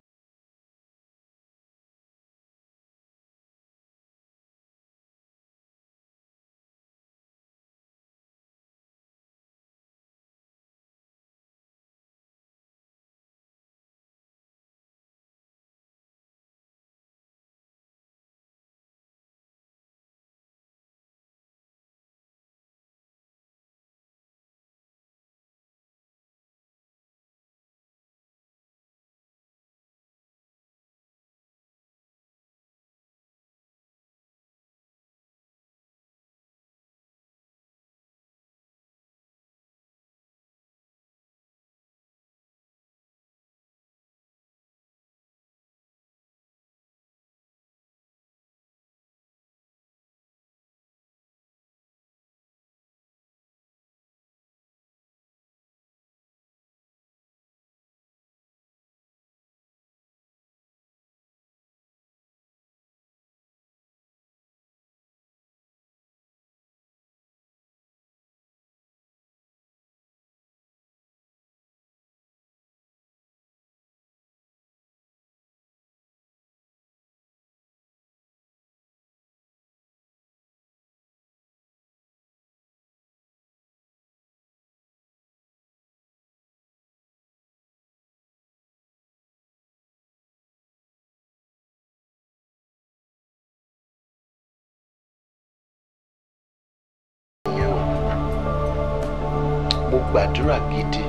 gbàdúrà gidi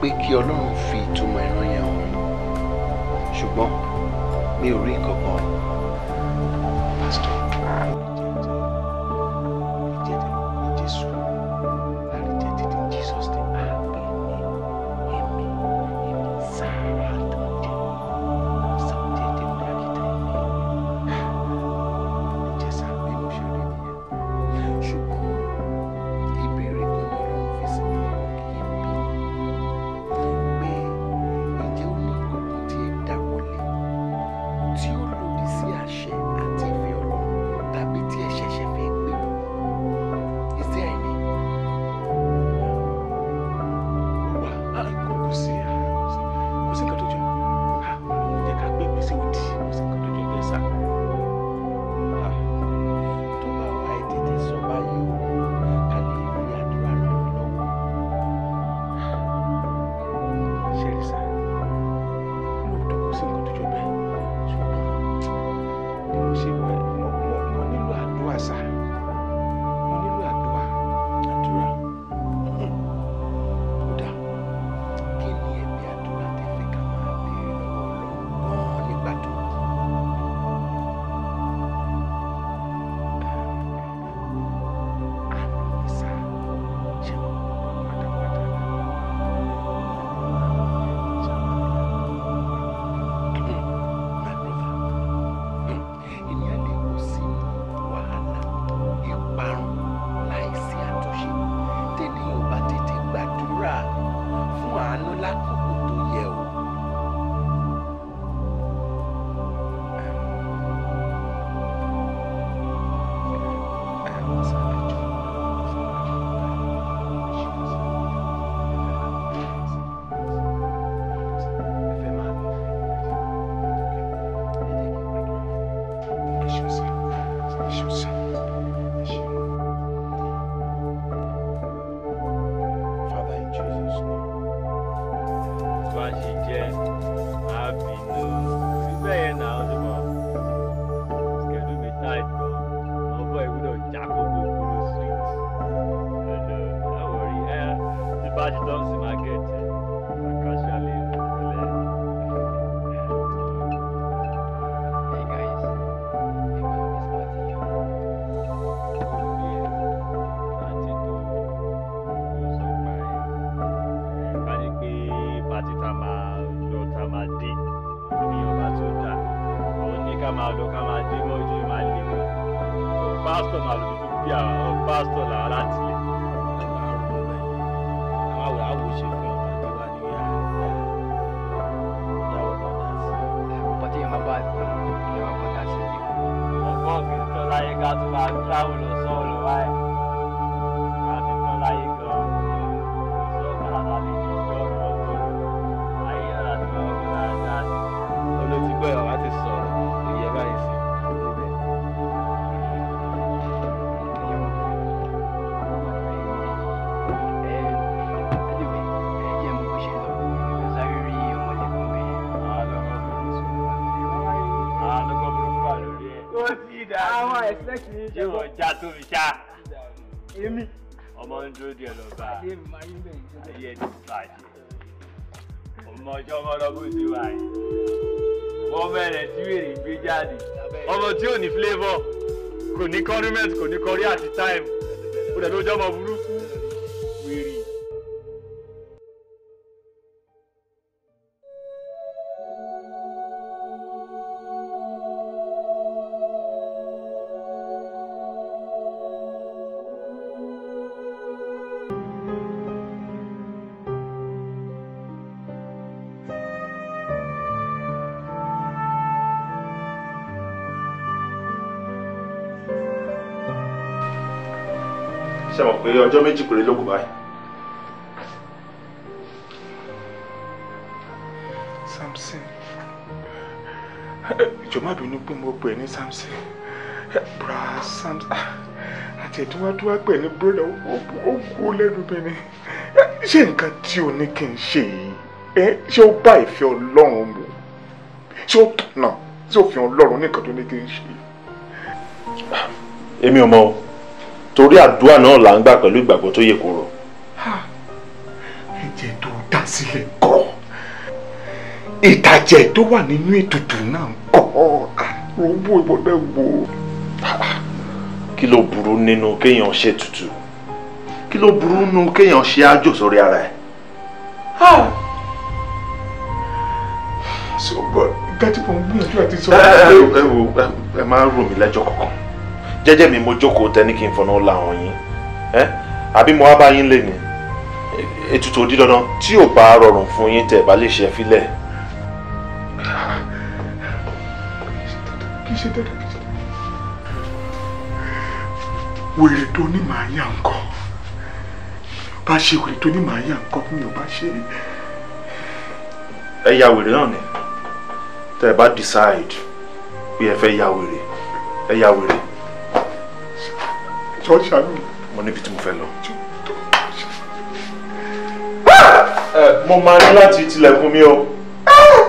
pé kí ọlọ́run fi ìtumọ̀ ìran yẹn hàn mí ṣùgbọ́n mi ò rí kankan pásítọ̀. tí ò ní flavour kò ní condiment kò ní curry àti thyme ó dẹ̀ ló jẹ́ ọmọ burú pé ọjọ́ méjì péré ló báyìí. Samson ìjọ má bínú pé mo pè ní Samson bra Samson ah, àtẹ̀dúwádúwá pẹ̀ ní bírọ̀dà ó kú lẹ́nu mi ni ṣé nǹkan tí o ní kí n ṣe yìí ṣé ó bá ìfẹ́ Ọlọ́run mu ṣé ó tọ̀nà ṣé òfin Ọlọ́run ní nǹkan tó ní kí n ṣe èmi ò mọ o torí àdúrà náà là ń gbà pẹ̀lú ìgbàgbọ́ tó yẹ kóró. ẹ̀jẹ̀ tó dá sílẹ̀ kọ́ ìtàjẹ̀ tó wà nínú ètùtù náà kọ́ àròbó ìbọ̀dẹ̀ wò. kí ló burú nínú kéèyàn ṣe tutù kí ló burú nínú kéèyàn ṣe àjò sórí ara ẹ̀. ṣùgbọ́n ìgbà tí mo ń gbìyànjú àti sọ. ẹ wo ẹ máa ń rò mí lẹ́jọ́ kankan jẹ́jẹ́ mi mo jókòó tẹ́ni kí n fọ̀nà la àwọn yín ẹ́ àbí mo wá bá yín lè ní ètùtù òdì dandan tí ò bá rọrùn fún yín tẹ̀ bá lè ṣe fílẹ̀. kì í ṣe dandan kì í ṣe dandan wèrè tó ní màá yà nǹkan bá ṣe wèrè tó ní màá yà nǹkan mi ò bá ṣe. ẹ ya wèrè náà ni tẹ́ bá decide pé ẹ fẹ́ ya wèrè ẹ ya wèrè jọ ṣàánú. mo níbi tí mo fẹ́ lọ. Ah! Eh, mo máa ní láti tilẹ̀kùn mi o. Ah!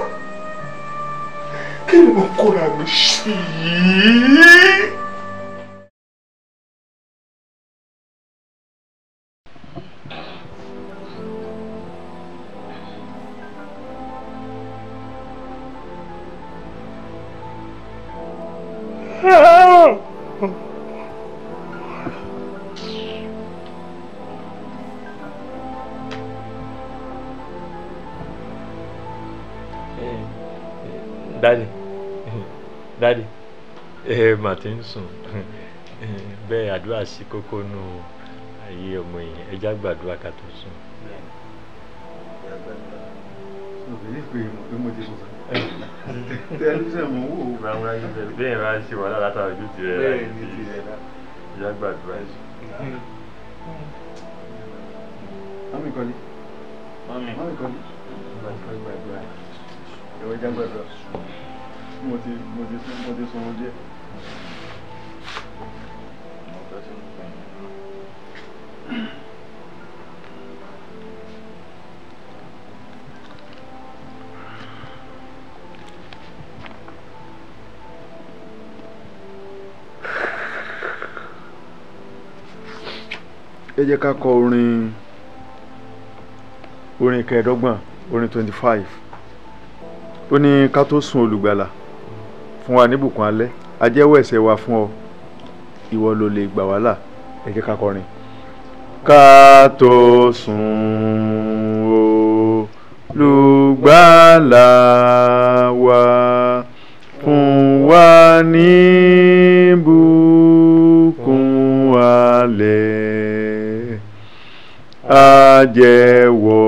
kí ni mo kóra mi sí i. ti ń sùn bẹ́ẹ̀ àdúrà sí kókó nù ayé ọmọ èèyàn ẹja gbàdúrà ká tó sùn. bẹ́ẹ̀ máa ń ṣe wàhálà látara ojú ti rẹ̀ láì sí ẹja gbàdúrà sí. mami kọ́ni mami kọ́ni gbàdúrà ẹ̀wọ̀n ẹja gbàdúrà mo ti sọ wọn díẹ̀. ẹ jẹ́ ká kọ orin orin kẹẹ̀ẹ́dọ́gbọ̀n orin twenty five ó ní ká tó sùn olùgbàlà fún wa níbùkún alẹ́ a jẹ́wọ́ ẹ̀ṣẹ̀ wa fún ọ ìwọ ló lè gbà wá ẹ jẹ́ ká kọrin. ká tó sùn olùgbàlà wa fún wa ní. á jẹ́wọ́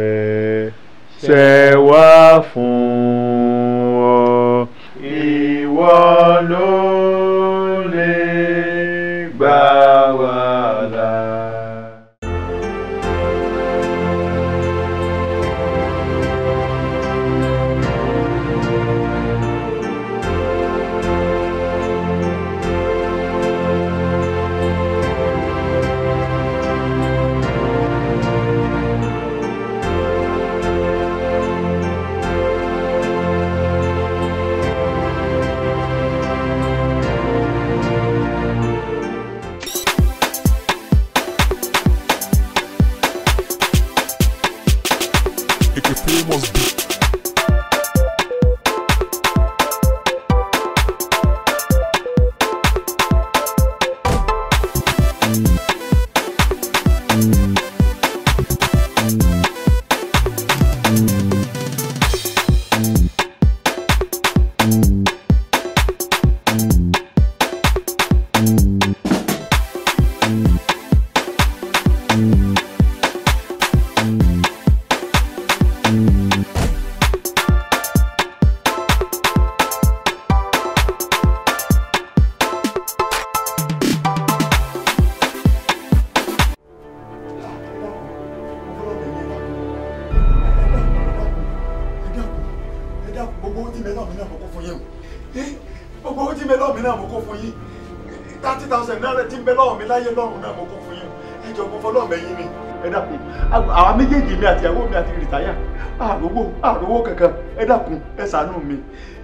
ẹ̀ṣẹ̀ wa fún ọ ìwọ ló.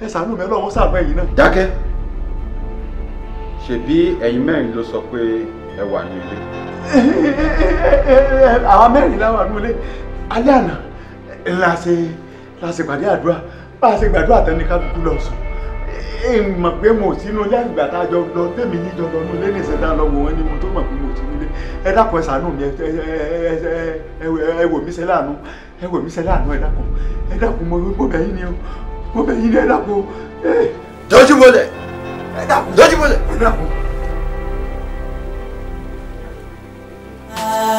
ẹ ṣàánú mi ọlọ́run ṣàánú ẹ̀yin náà. dákẹ́ ṣebí ẹ̀yin mẹ́rin ló sọ pé ẹ wà ní ilé. àwa mẹ́rin la wà ní ilé alẹ́ àná la ṣe la ṣe pàdé àdúrà bá a ṣe gbàdúrà tán ní kálukú lọ sùn mọ̀ pé mo sínú ilé àgbà tá a jọ lọ tèmi yín jọ lọ nú ilé ní ìṣẹ̀dá lọ wò wọ́n ni mo tó mọ̀ pé mo sínú ilé ẹ dákun ẹ ṣàánú mi ẹ wò mí ṣe láàánú ẹ wò mí ṣe láàánú ẹ dákun ẹ dákun mo bẹ̀ yín ni o mo bẹ̀ yín lẹ́dà kó. dojú bolẹ̀ dojú bolẹ̀.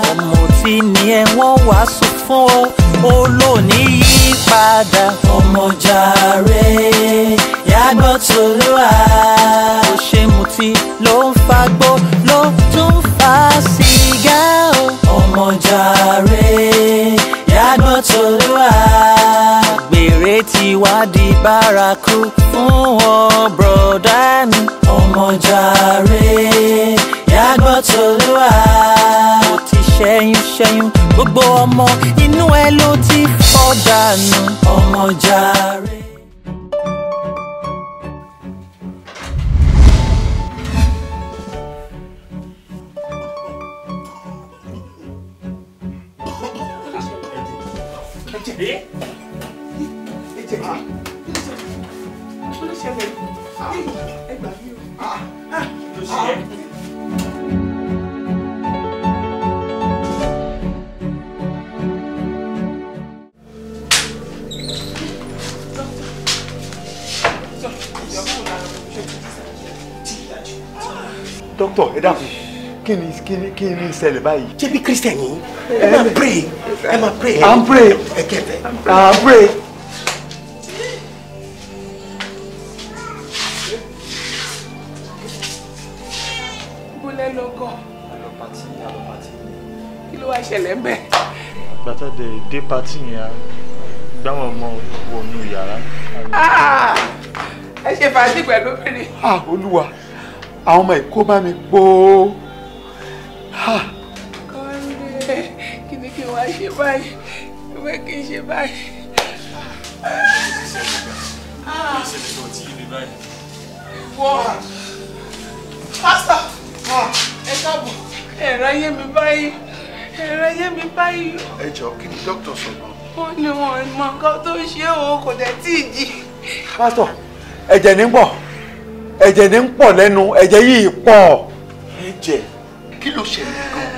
ọmọ tí ni ẹ wọ́n wàásù fún ọ olóòní yí padà. ọmọ jàre yàgbọ́ tòlúwa. kò ṣe mutí ló ń fagbó ló tún fa sìgá o. ọmọ jàre yàgbọ́ tòlúwa ìwádìí bárakú fún wọn bọ̀dá ni. ọmọjàre yàgbọ́ tolúwa. mo ti ṣẹ́yún ṣẹ́yún gbogbo ọmọ inú ẹ ló ti fọ́ dànù. ọmọjàre. ṣe. dókítà ẹ dákun kí ni kí ni kí ni ṣẹlẹ̀ báyìí. ṣé bí kristian yìí eh. ẹ máa pray ẹ máa pray. à pray. ẹ pray. ṣẹlẹ̀ bẹ́ẹ̀. àgbàtàdé dé pátì yẹn gbáwọn ọmọ wọnú yàrá. Ah! ẹ ṣe fàájì pẹ̀lú obìnrin. Ah, olúwa àwọn ọmọ ìkó bá mi pòó. Ah! kọ́ńdé kí ni kí n wá ṣe báyìí ìwé kí n ṣe báyìí. wọ́n pásítọ̀ ẹ̀ka bò ẹ̀ráyé mi báyìí ẹ̀rọ ayé mi báyìí. ẹ jọ kí ni dókítà sọ gan. ó ní wọn mọ nǹkan tó ń ṣe o kò dẹ̀ tí ì jí. pásítọ̀ ẹ̀jẹ̀ ní pọ̀ ẹ̀jẹ̀ ní pọ̀ lẹ́nu ẹ̀jẹ̀ yìí pọ̀. ẹ̀jẹ̀ kí ló ṣẹlẹ̀ gan.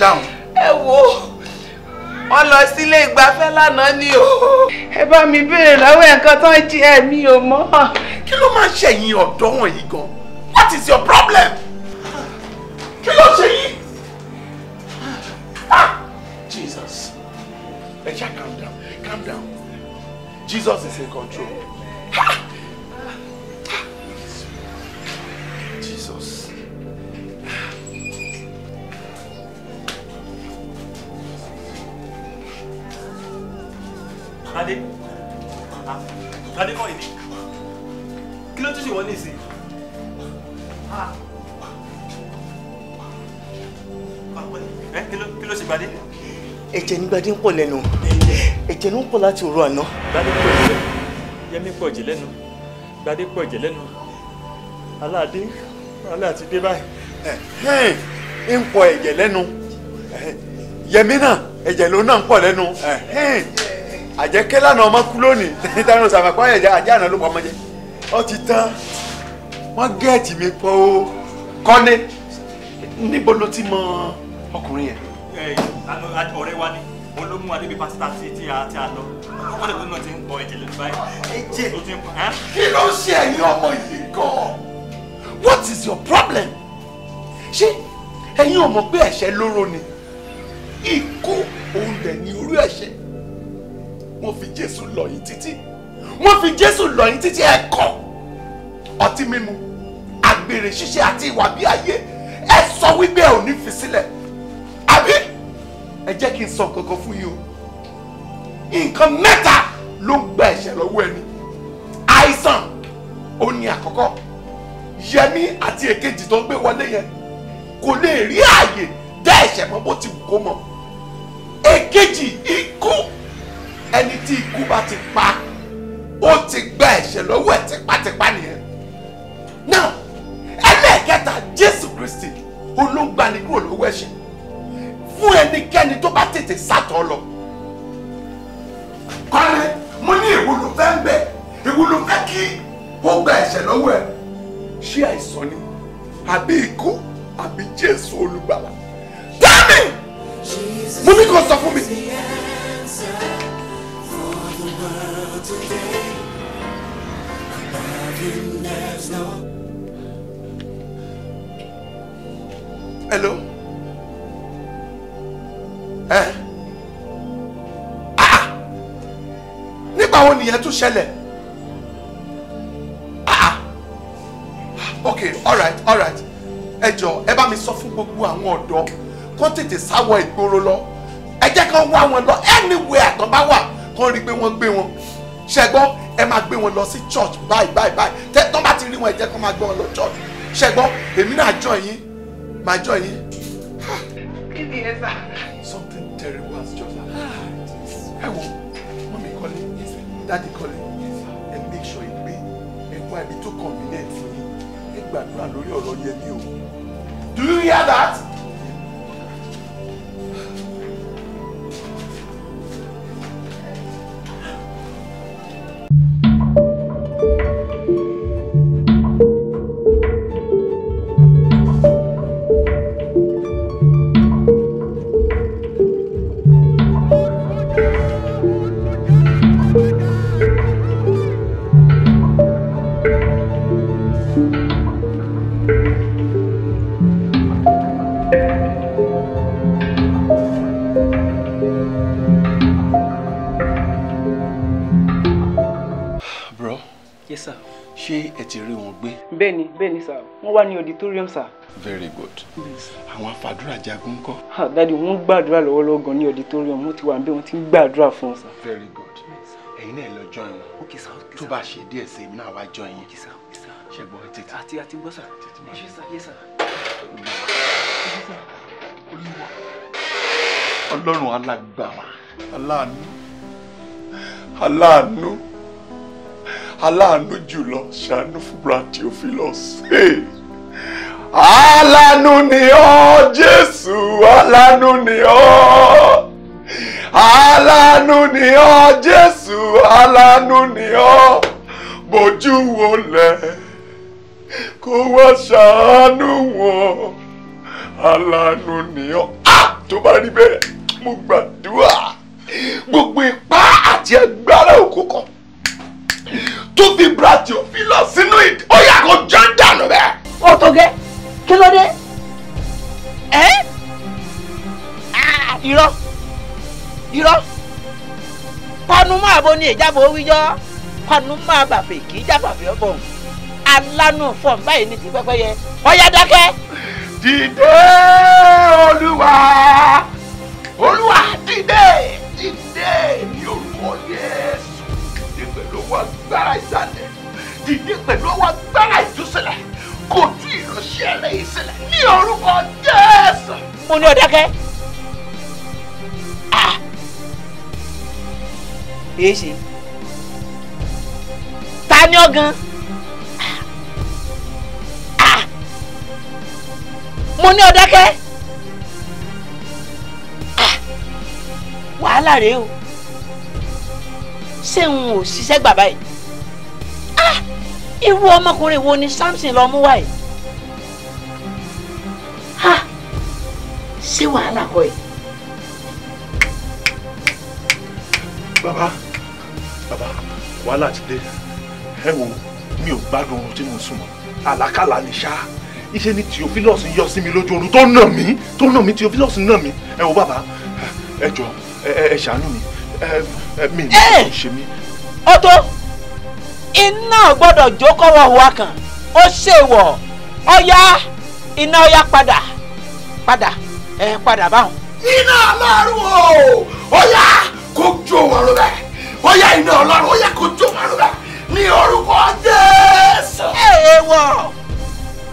dáhùn. ẹ wo wọ́n lọ sílé ìgbafẹ́ lánàá ni o. ẹ bá mi béèrè lọ́wọ́ nǹkan tó ń jí ẹ̀mí ò mọ́. kí ló máa ń ṣẹ̀yìn ọ̀dọ́ wọ̀nyí gan what is your problem kí ló ṣe yìí. Jesus. Let's calm down. Calm down. Jesus is in control. Jesus. Daddy, daddy, come ìdí. Kí ló tún ṣe wọ́n ní ẹ̀jẹ̀ ní gbadé ń pọ̀ lẹ́nu ń láti òru àná. gbadé pọ̀ jẹ́ yẹmí pọ̀ jẹ́ lẹ́nu gbadé pọ̀ jẹ́ lẹ́nu aláàdé aláàtí dé báyìí. ń pọ̀ ẹ̀jẹ̀ lẹ́nu yẹmí náà ẹ̀jẹ̀ ló náà ń pọ̀ lẹ́nu lánàá ọmọ kú lónìí àná ló ti tán Eh, what is your problem? ṣé ẹ̀yin ò mọ̀ pé ẹ̀ṣẹ̀ lóró ni ikú òun dẹ̀ ní irú ẹ̀ṣẹ̀ wọ́n fi Jésù lọ yín títí wọ́n fi Jésù lọ yín títí ẹ̀kọ́ ọtí mímu àgbèrè ṣíṣe àti ìwà bí ayé ẹ sọ wípé ẹ ò ní fi sílẹ̀ ẹ jẹ́ kí n sọ kankan fún yín o nǹkan mẹ́ta ló ń gba ẹ̀ṣẹ̀ lọ́wọ́ ẹni àìsàn ó ní àkọ́kọ́ yẹmí àti èkejì tó ń gbé wọlé yẹn kò lè rí ààyè dá ẹ̀ṣẹ̀ mọ́ bó ti wù kó mọ́ èkejì ikú ẹni tí ikú bá ti pa ó ti gba ẹ̀ṣẹ̀ lọ́wọ́ ẹ̀ tipátipá nìyẹn náà ẹlẹ́ẹ̀kẹta Jésù Kristi olóńgbani kúrò lọ́wọ́ ẹ̀ṣẹ̀ fún ẹnikẹ́ni tó bá tètè sátọ̀ lọ. kọ́lẹ́ mo ní ìwúlò fẹ́ ń bẹ̀ ìwúlò fẹ́ kí ó gba ẹ̀ṣẹ̀ lọ́wọ́ ẹ̀. ṣé àìsàn ni àbí ikú àbí jésù olùgbàlà tẹ́mi mo ní kò sọ fún mi. Hello ẹ ah, ah nígbà wo nìyẹn tún ṣẹlẹ̀ ah, ah. ok alright alright ẹ jọ ẹ bá mi sọ fún gbogbo àwọn ọ̀dọ́ kó tètè sáwọ ìgboro lọ ẹ jẹ́ kán wá wọn lọ anywhere tó bá wà kán rí pé wọ́n gbé wọn ṣẹgbọ́n ẹ máa gbé wọn lọ sí church báyìí báyìí báyìí tẹ tán bá ti rí wọn ẹ jẹ́ kán máa gbé wọn lọ church ṣẹgbọ́n èmi náà jọ yín màá jọ yín. kí ni ẹ sá terrible as just ẹ wo mọ́mí kọ́lé dáàdì kọ́lé ẹ make sure pé ẹ wá ibi tó convenient fún yín ẹ gbàdúrà lórí ọ̀rọ̀ yẹn ní do you hear that. bẹ́ẹ̀ ni sà wọ́n wà ní auditorium sà. very good àwọn afàdúrà jagun ńkọ́. Ah, dadi wọ́n gbàdúrà lọ́wọ́lọ́wọ́ gan ní auditorium wọ́n ti wà níbẹ̀ wọ́n ti ń gbàdúrà fún un sà. very good ẹ̀yin náà lọ join wọn tó bá ṣe díẹ̀ sí èmi náà wá join yín ṣẹ̀gbọ́n tètè. àti àti gbọ́ sà ẹ ṣe sà yé sà. ọlọ́run alágbára aláàánú aláàánú aláàánú jùlọ ṣàánú fún brachiophilus. aláàánú ni ọ́ jésù aláàánú ni ọ́ aláàánú ni ọ́ jésù aláàánú ni ọ́ bójú wo lẹ̀ kó wá ṣàánú wọn aláàánú ni ọ́ tó bá rí bẹ́ẹ̀ mo gbàdúrà gbogbo ipá àti agbára òkú kan tó fi bra tí ó fi lọ sínú ìdí ó yà kó jọ dànù bẹ́ẹ̀. ó tó gẹ́ kí ló dé. ẹ irọ́ irọ́ panu máa bo ni ìjábọ̀ wíjọ́ panu máa bàbè kì í jábàbè ọ̀bọ̀n alánú fọ̀n báyìí ní ti pẹ́pẹ́yẹ ọ̀yá dákẹ́. dìde olúwa olúwa dìde dìde ní orúkọ yẹn ọwọ́ agbára ìsàlẹ̀ dìde pẹ̀lú ọwọ́ agbára ìtúsílẹ̀ kò tú ìránṣẹ́ rẹ̀ ìsílẹ̀ ní orúkọ Jésù. mo ní ọ̀dákẹ́. èé ṣe ta ni ọ gan. mo ní ọ̀dákẹ́. wàhálà rèé o ṣé n ò ṣiṣẹ́ gbà báyìí ah irú ọmọkùnrin wo ni Samson lọ mú wá yìí ah ṣé wàhálà kọ́ yìí. bàbá bàbá wàhálà ti dé ẹ wo mi ò gbádùn oorun tí mo sùn mọ́ àlákàlà ni ṣáá iṣẹ́ ni theophilus yọ sí mi lójú oorun tó nà mí tó nà mí theophilus nà mí ẹ wo bàbá ẹ jọ ẹ ẹ ṣàánú mi ẹ̀mí mi ò ṣe mí. ọtọ iná gbọ́dọ̀ jókòrò wa kan ó ṣèwọ ọyá iná ọyá padà padà ẹ padà báwọn. iná ọlọ́run o ọyá kò jó wọn lọ bẹ́ẹ̀ ọyá iná ọlọ́run ọyá kò jó wọn lọ bẹ́ẹ̀ ní orúkọ jésù. èèwọ̀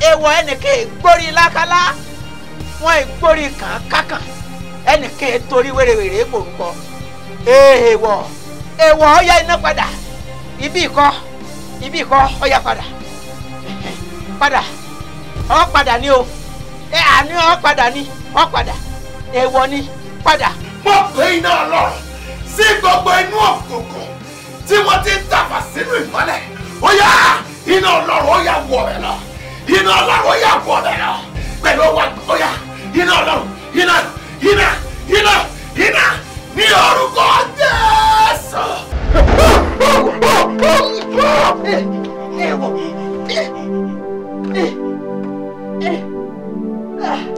èèwọ̀ ẹnìkan ìgbórí lákàlá wọn ìgbórí kàn kákàn ẹnìkan torí wèrèwèrè gbòǹgbò èèwọ̀ èèwọ̀ ọ̀ya iná padà ibi ìkọ́ ibi ìkọ́ ọ̀ya padà padà ọ̀ padà ni o ẹ àní ọ̀ padà ni ọ̀ padà èèwọ̀ ni padà. mo pe iná ọlọ́run sí gbogbo inú òkùnkùn tí wọ́n ti ń tàfà sínú ìmọ́lẹ̀ ó yá iná ọlọ́run ó yá wọ̀ ẹ́ lọ iná ọlọ́run ó yá wọ̀ ẹ́ lọ pẹ̀lú ó wà ó yá iná ọlọ́run iná iná iná iná. ní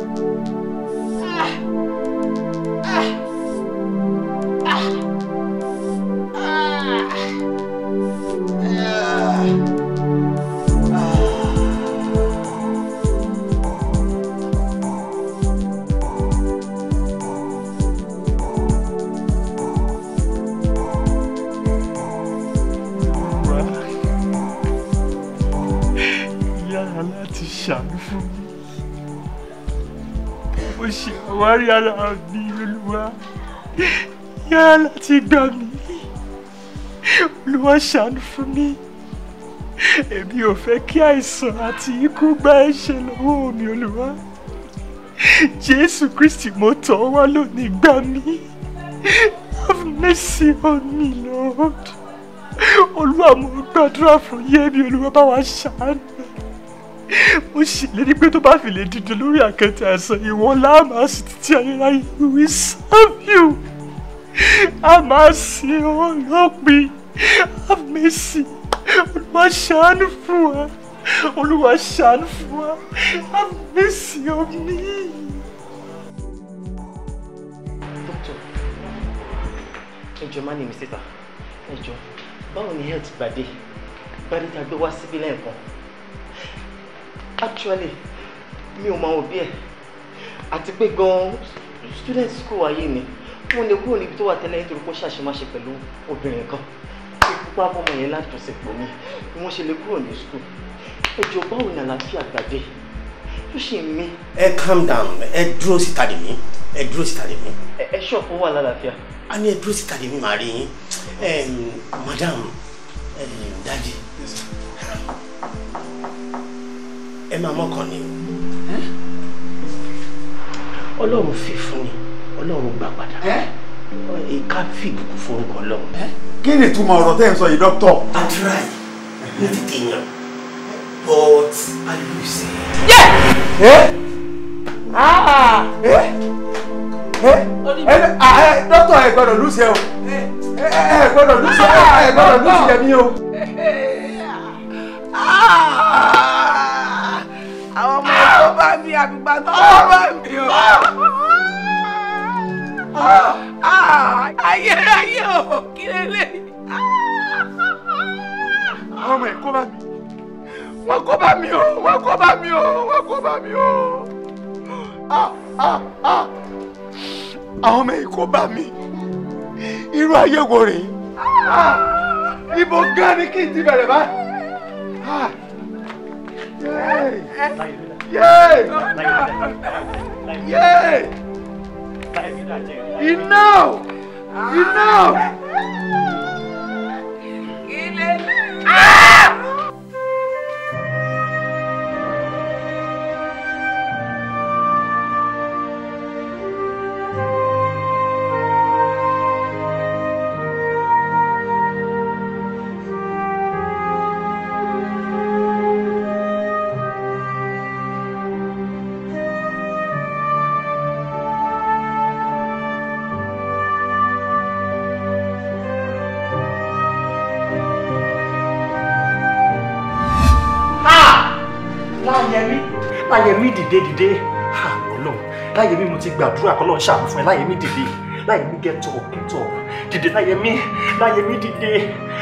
àwárí ara mi olúwa yára láti gbà mí olúwa ṣàánú fún mi èmi ò fẹ́ kí àìsàn àti ikú gba ẹ̀ṣẹ̀ lọ́wọ́ mi olúwa jésù kristi mo tọ̀ wá lónìí gbà mí have mercy on me lord olúwa mo gbàdúrà fún yẹ́mi olúwa bá wa ṣàánú mo ṣèlérí pé tó bá fi lè dìde lórí àkàntì àìsàn ìwọ̀n láàmà sí títí ayérayé we serve you a máa ṣe ọlọ́pìn àmẹ́sì olúwa ṣàánú fún wa olúwa ṣàánú fún wa àmẹ́sì omi. dókítà ẹ jọ̀ọ́ má ní mi síta ẹ jọ̀ọ́ báwo ni health gbàdé gbàdé tá a gbé wá síbí lẹ́ẹ̀kan actually mi ò mọ àwọn òbí ẹ̀ àti pé gan-an student school ayé ni wọ́n lè kúrò níbi tó wà tẹ́lẹ̀ nítorí kó ṣàṣemáṣe pẹ̀lú obìnrin kan tí púpọ̀ abọ́mọ yẹn látọ̀sẹ̀pọ̀ ni bí wọ́n ṣe lè kúrò ní school ẹjọ́ báwo ni àlàáfíà gbàdé tó ṣe mí. ẹ calm down ẹ dúró síta dè mí ẹ dúró síta dè mí. ẹ ṣọ́ọ̀pù wà lálàáfíà. a ní ẹ dúró síta dè mí màá rí yín madam Daddy. Yes, ẹ máa mọ́kàn ni o ọlọ́run fi fún ni ọlọ́run gbà padà ìka fìbùkún fún orúkọ ọlọ́run. kí ni ìtumọ̀ ọ̀rọ̀ tẹ́ ẹ̀ ń sọ yìí dókítọ̀. àdúrà yìí ní tètè yàn but I lose. Ah! dókítọ̀ ẹ gbọ́dọ̀ lùsẹ̀ o ẹ gbọ́dọ̀ lùsẹ̀ ẹ gbọ́dọ̀ lùsẹ̀ mi o. Ah! ó bá mi àgbà tó ó bá mi o. Ah, ayé ayé o kí lélẹ̀. Ah. àwọn ọmọ ẹ̀ kó bá mi wọ́n kó bá mi o wọ́n kó bá mi o wọ́n kó bá mi o. Ah, àwọn ọmọ ẹ̀ kó bá mi irú ayé wo rèé ibo gan ni kí n ti bẹ̀rẹ̀ báyìí. Yay! Yay! You know! You know! dìde dìde ha ọlọ́run láyé mi mo ti gbàdúrà kọ́ lọ́n ṣàánú fún ẹ láyé dìde láyé mi get up get up dìde láyé mi láyé mi dìde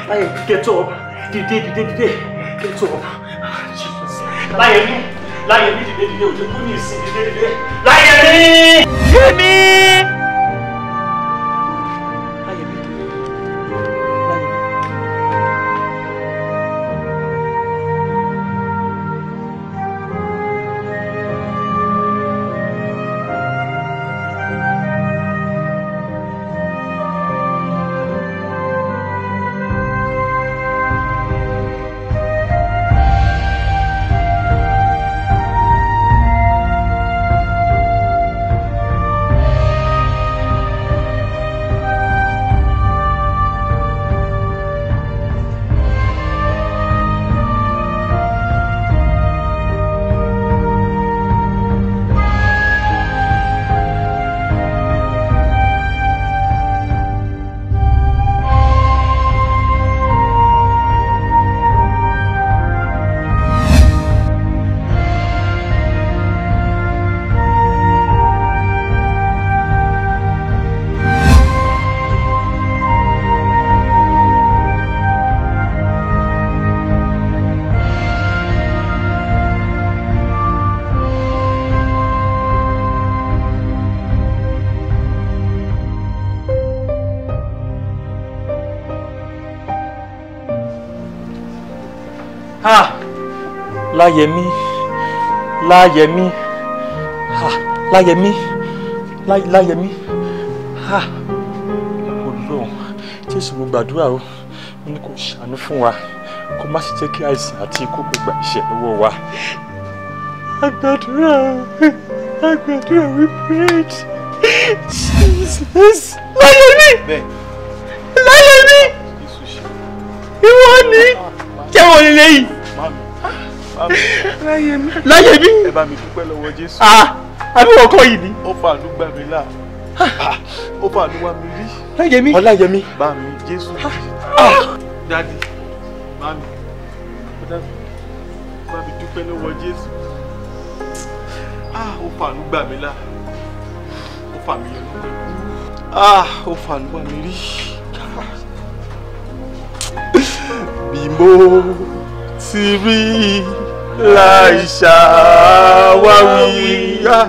láyé mi get up dìde dìde dìde get up ah, láyé mi láyé mi dìde dìde òjò kú ní ìsìn dìde dìde láyé mi. yé mi. láyẹmí láyẹmí láyẹmí láyẹmí olóhùn jésù mo gbàdúrà o mo ní kó ṣàánú fún wa kó má sì jẹ́ kí àìsàn àti ikú kó gba lọ́wọ́ wa. àgbàdúrà àgbàdúrà we prayed jesus láyẹmí láyẹmí ìwọ ni jẹ́wọ́ nílé yìí láyé mi láyé mi ẹ bá mi dúpẹ́ lọ́wọ́ Jésù ah, àbí wọn kọ́ yìí ni. ó fa àdúgbà mi là ah. ó fa àdúgbà mi rí. láyé mi ọláyé mi. bá mi Jésù ah. dádì bá mi bá mi dúpẹ́ lọ́wọ́ Jésù ó fa àdúgbà mi là ó fa mi yẹn ó fa àdúgbà mi rí. Bímbọ́ ti rí i láì ṣàwáwíyá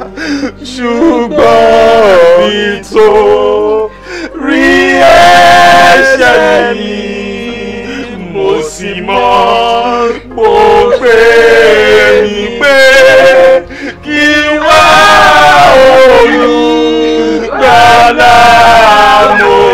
ṣùgbọ́n ìtò rí ẹ̀ṣẹ̀ mi mo sì mọ̀ mo pè mí pé kí wá olùgbàlà mo.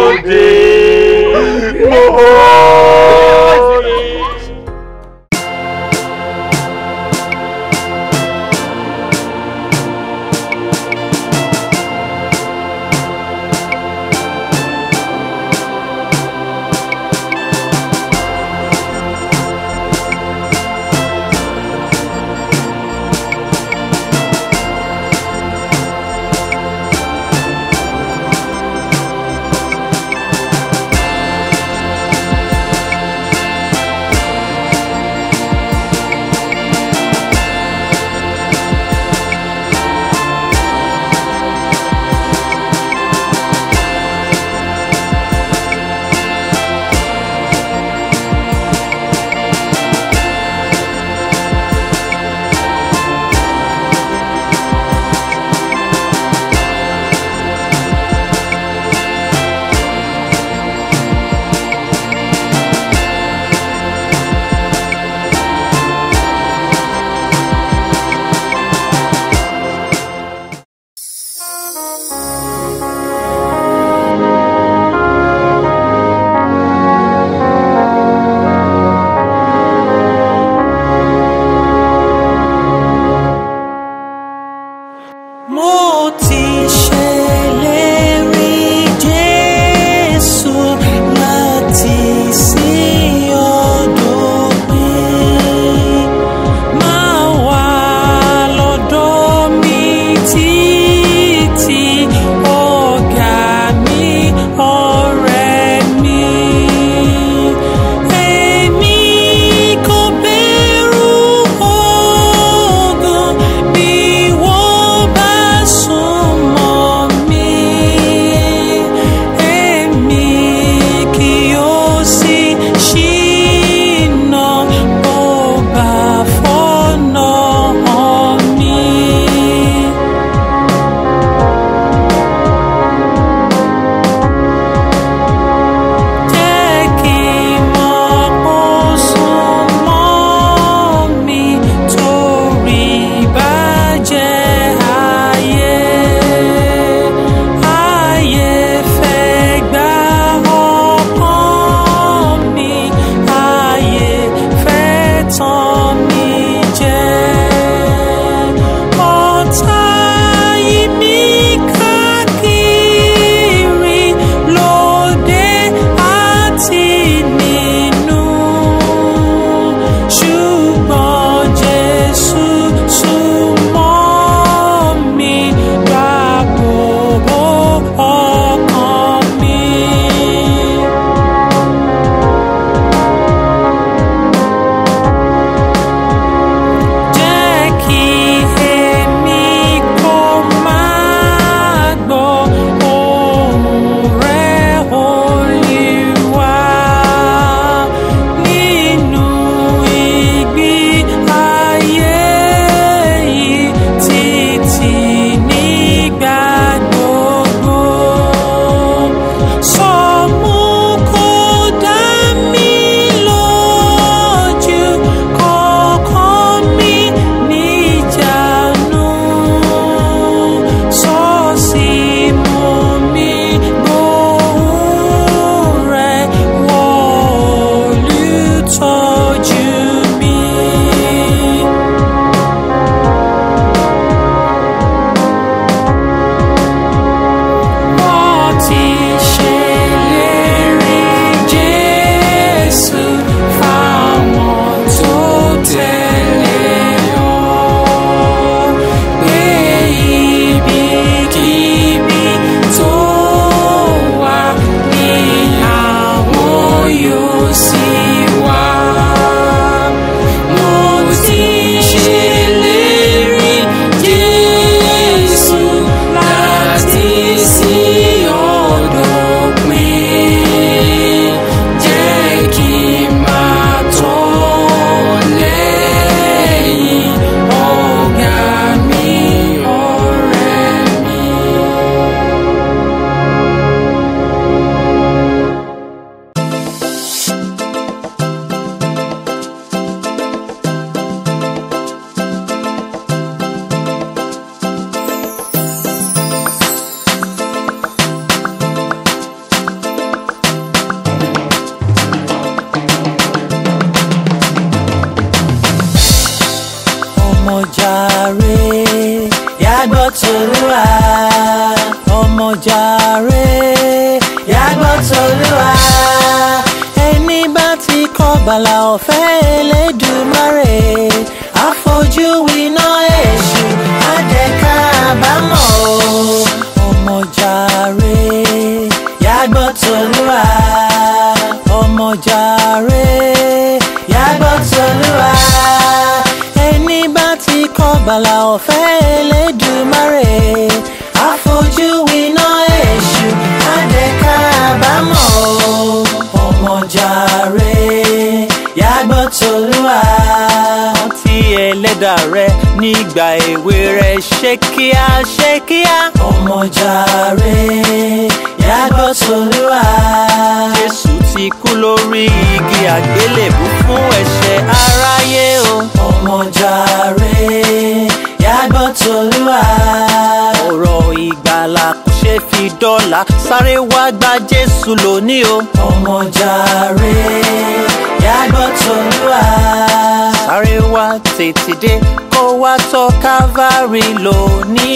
orin lónìí.